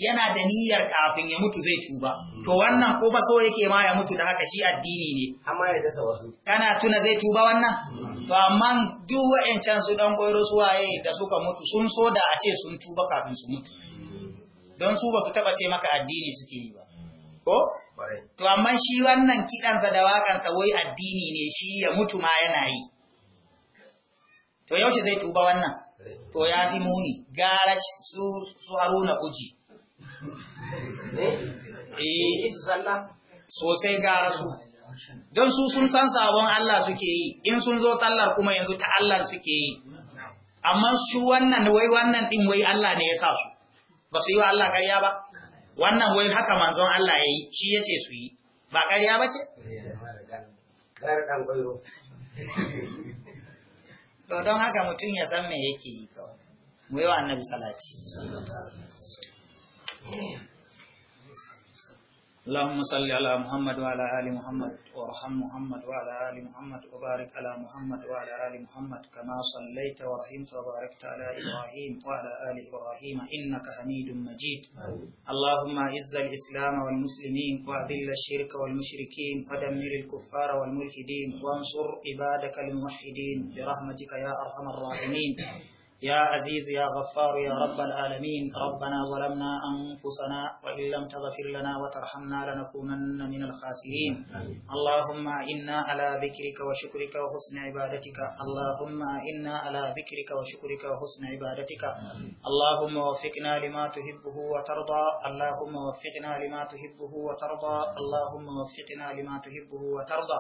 yana da niyyar kafin ya mutu zai tuba hmm. to wannan ko ba so yake ma ya mutu da haka shi addini ne amma ya dasa wasu kana tuna zai tuba wannan hmm. to amma duk wa'ancan su dan koyro su waye da suka mutu sun so da a ce sun tuba kafin su mutu don su ba su taba ce maka addini suke yi ba ko to amma shi wannan kidansa da wakansa wai addini ne shi ya mutu ma yana yi to yaushe zai tuba wannan to ya fi muni gara su su haruna uji Eh, sosai gara su don su sun san sabon Allah suke yi in sun zo tallar kuma yanzu ta Allah suke yi amma su wannan wai wannan din wai Allah ne ya sa su ba su yi wa Allah karya ba wannan wai haka manzon Allah ya yi shi ya ce su yi ba karya ba ce? to don haka mutum ya san me yake yi kawai mu yi wa annabi salati اللهم صل على محمد وعلى آل محمد وارحم محمد وعلى آل محمد وبارك على محمد وعلى آل محمد كما صليت ورحمت وباركت على إبراهيم وعلى آل إبراهيم إنك حميد مجيد اللهم أعز الإسلام والمسلمين وأذل الشرك والمشركين ودمر الكفار والملحدين وانصر عبادك الموحدين برحمتك يا أرحم الراحمين يا عزيز يا غفار يا رب العالمين ربنا ظلمنا أنفسنا وإن لم تغفر لنا وترحمنا لنكونن من الخاسرين اللهم إنا على ذكرك وشكرك وحسن عبادتك اللهم إنا على ذكرك وشكرك وحسن عبادتك اللهم وفقنا لما تحبه وترضى اللهم وفقنا لما تحبه وترضى اللهم وفقنا لما تحبه وترضى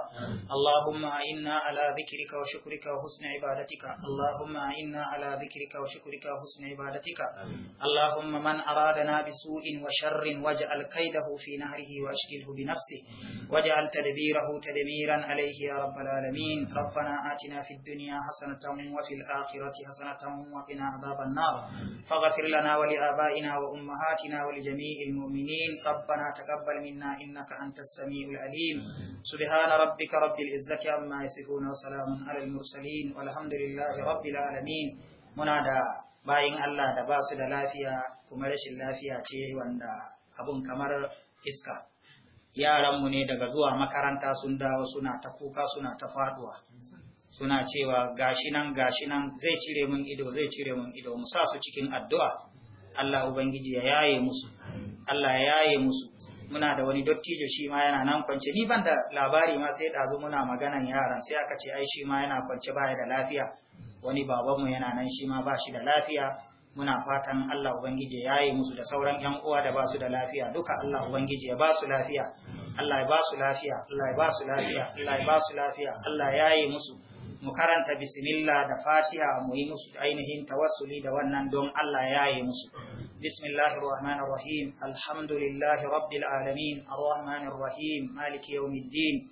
اللهم إنا على ذكرك وشكرك وحسن عبادتك اللهم إنا على ذكرك ذكرك وشكرك وحسن عبادتك اللهم من أرادنا بسوء وشر واجعل كيده في نهره وأشكله بنفسه واجعل تدبيره تدميرا عليه يا رب العالمين ربنا آتنا في الدنيا حسنة وفي الآخرة حسنة وقنا عذاب النار فاغفر لنا ولآبائنا وأمهاتنا ولجميع المؤمنين ربنا تقبل منا إنك أنت السميع العليم سبحان ربك رب العزة عما يصفون وسلام على المرسلين والحمد لله رب العالمين muna da bayin Allah da ba su da lafiya kuma rashin lafiya ce wanda abun kamar iska yaranmu ne daga zuwa makaranta sun dawo suna ta kuka suna ta faduwa suna cewa gashi nan gashi nan zai cire mun ido zai cire mun ido mu sa su cikin addu'a Allah ubangiji ya yaye musu Allah ya yaye musu muna da wani dottijo shi ma yana nan kwance ni ban da labari ma sai ɗazu muna maganan yaran sai aka ce ai shi ma yana kwance baya da lafiya wani babanmu yana nan shi ma ba shi da lafiya muna fatan Allah Ubangiji ya yi musu da sauran ‘yan uwa da ba su da lafiya, duka Allah Ubangiji ya ba su lafiya, Allah ya ba su lafiya, Allah ya ba su lafiya, Allah ya ba su lafiya, Allah ya yi musu, mu karanta bismillah da fatiha mu yi musu ainihin tawassuli da wannan don Allah ya yi musu. Bismillahir Rahmanir Rahim, Alhamdulillahi Rabbil Alamin, ar Rahim, Maliki Yawmiddin.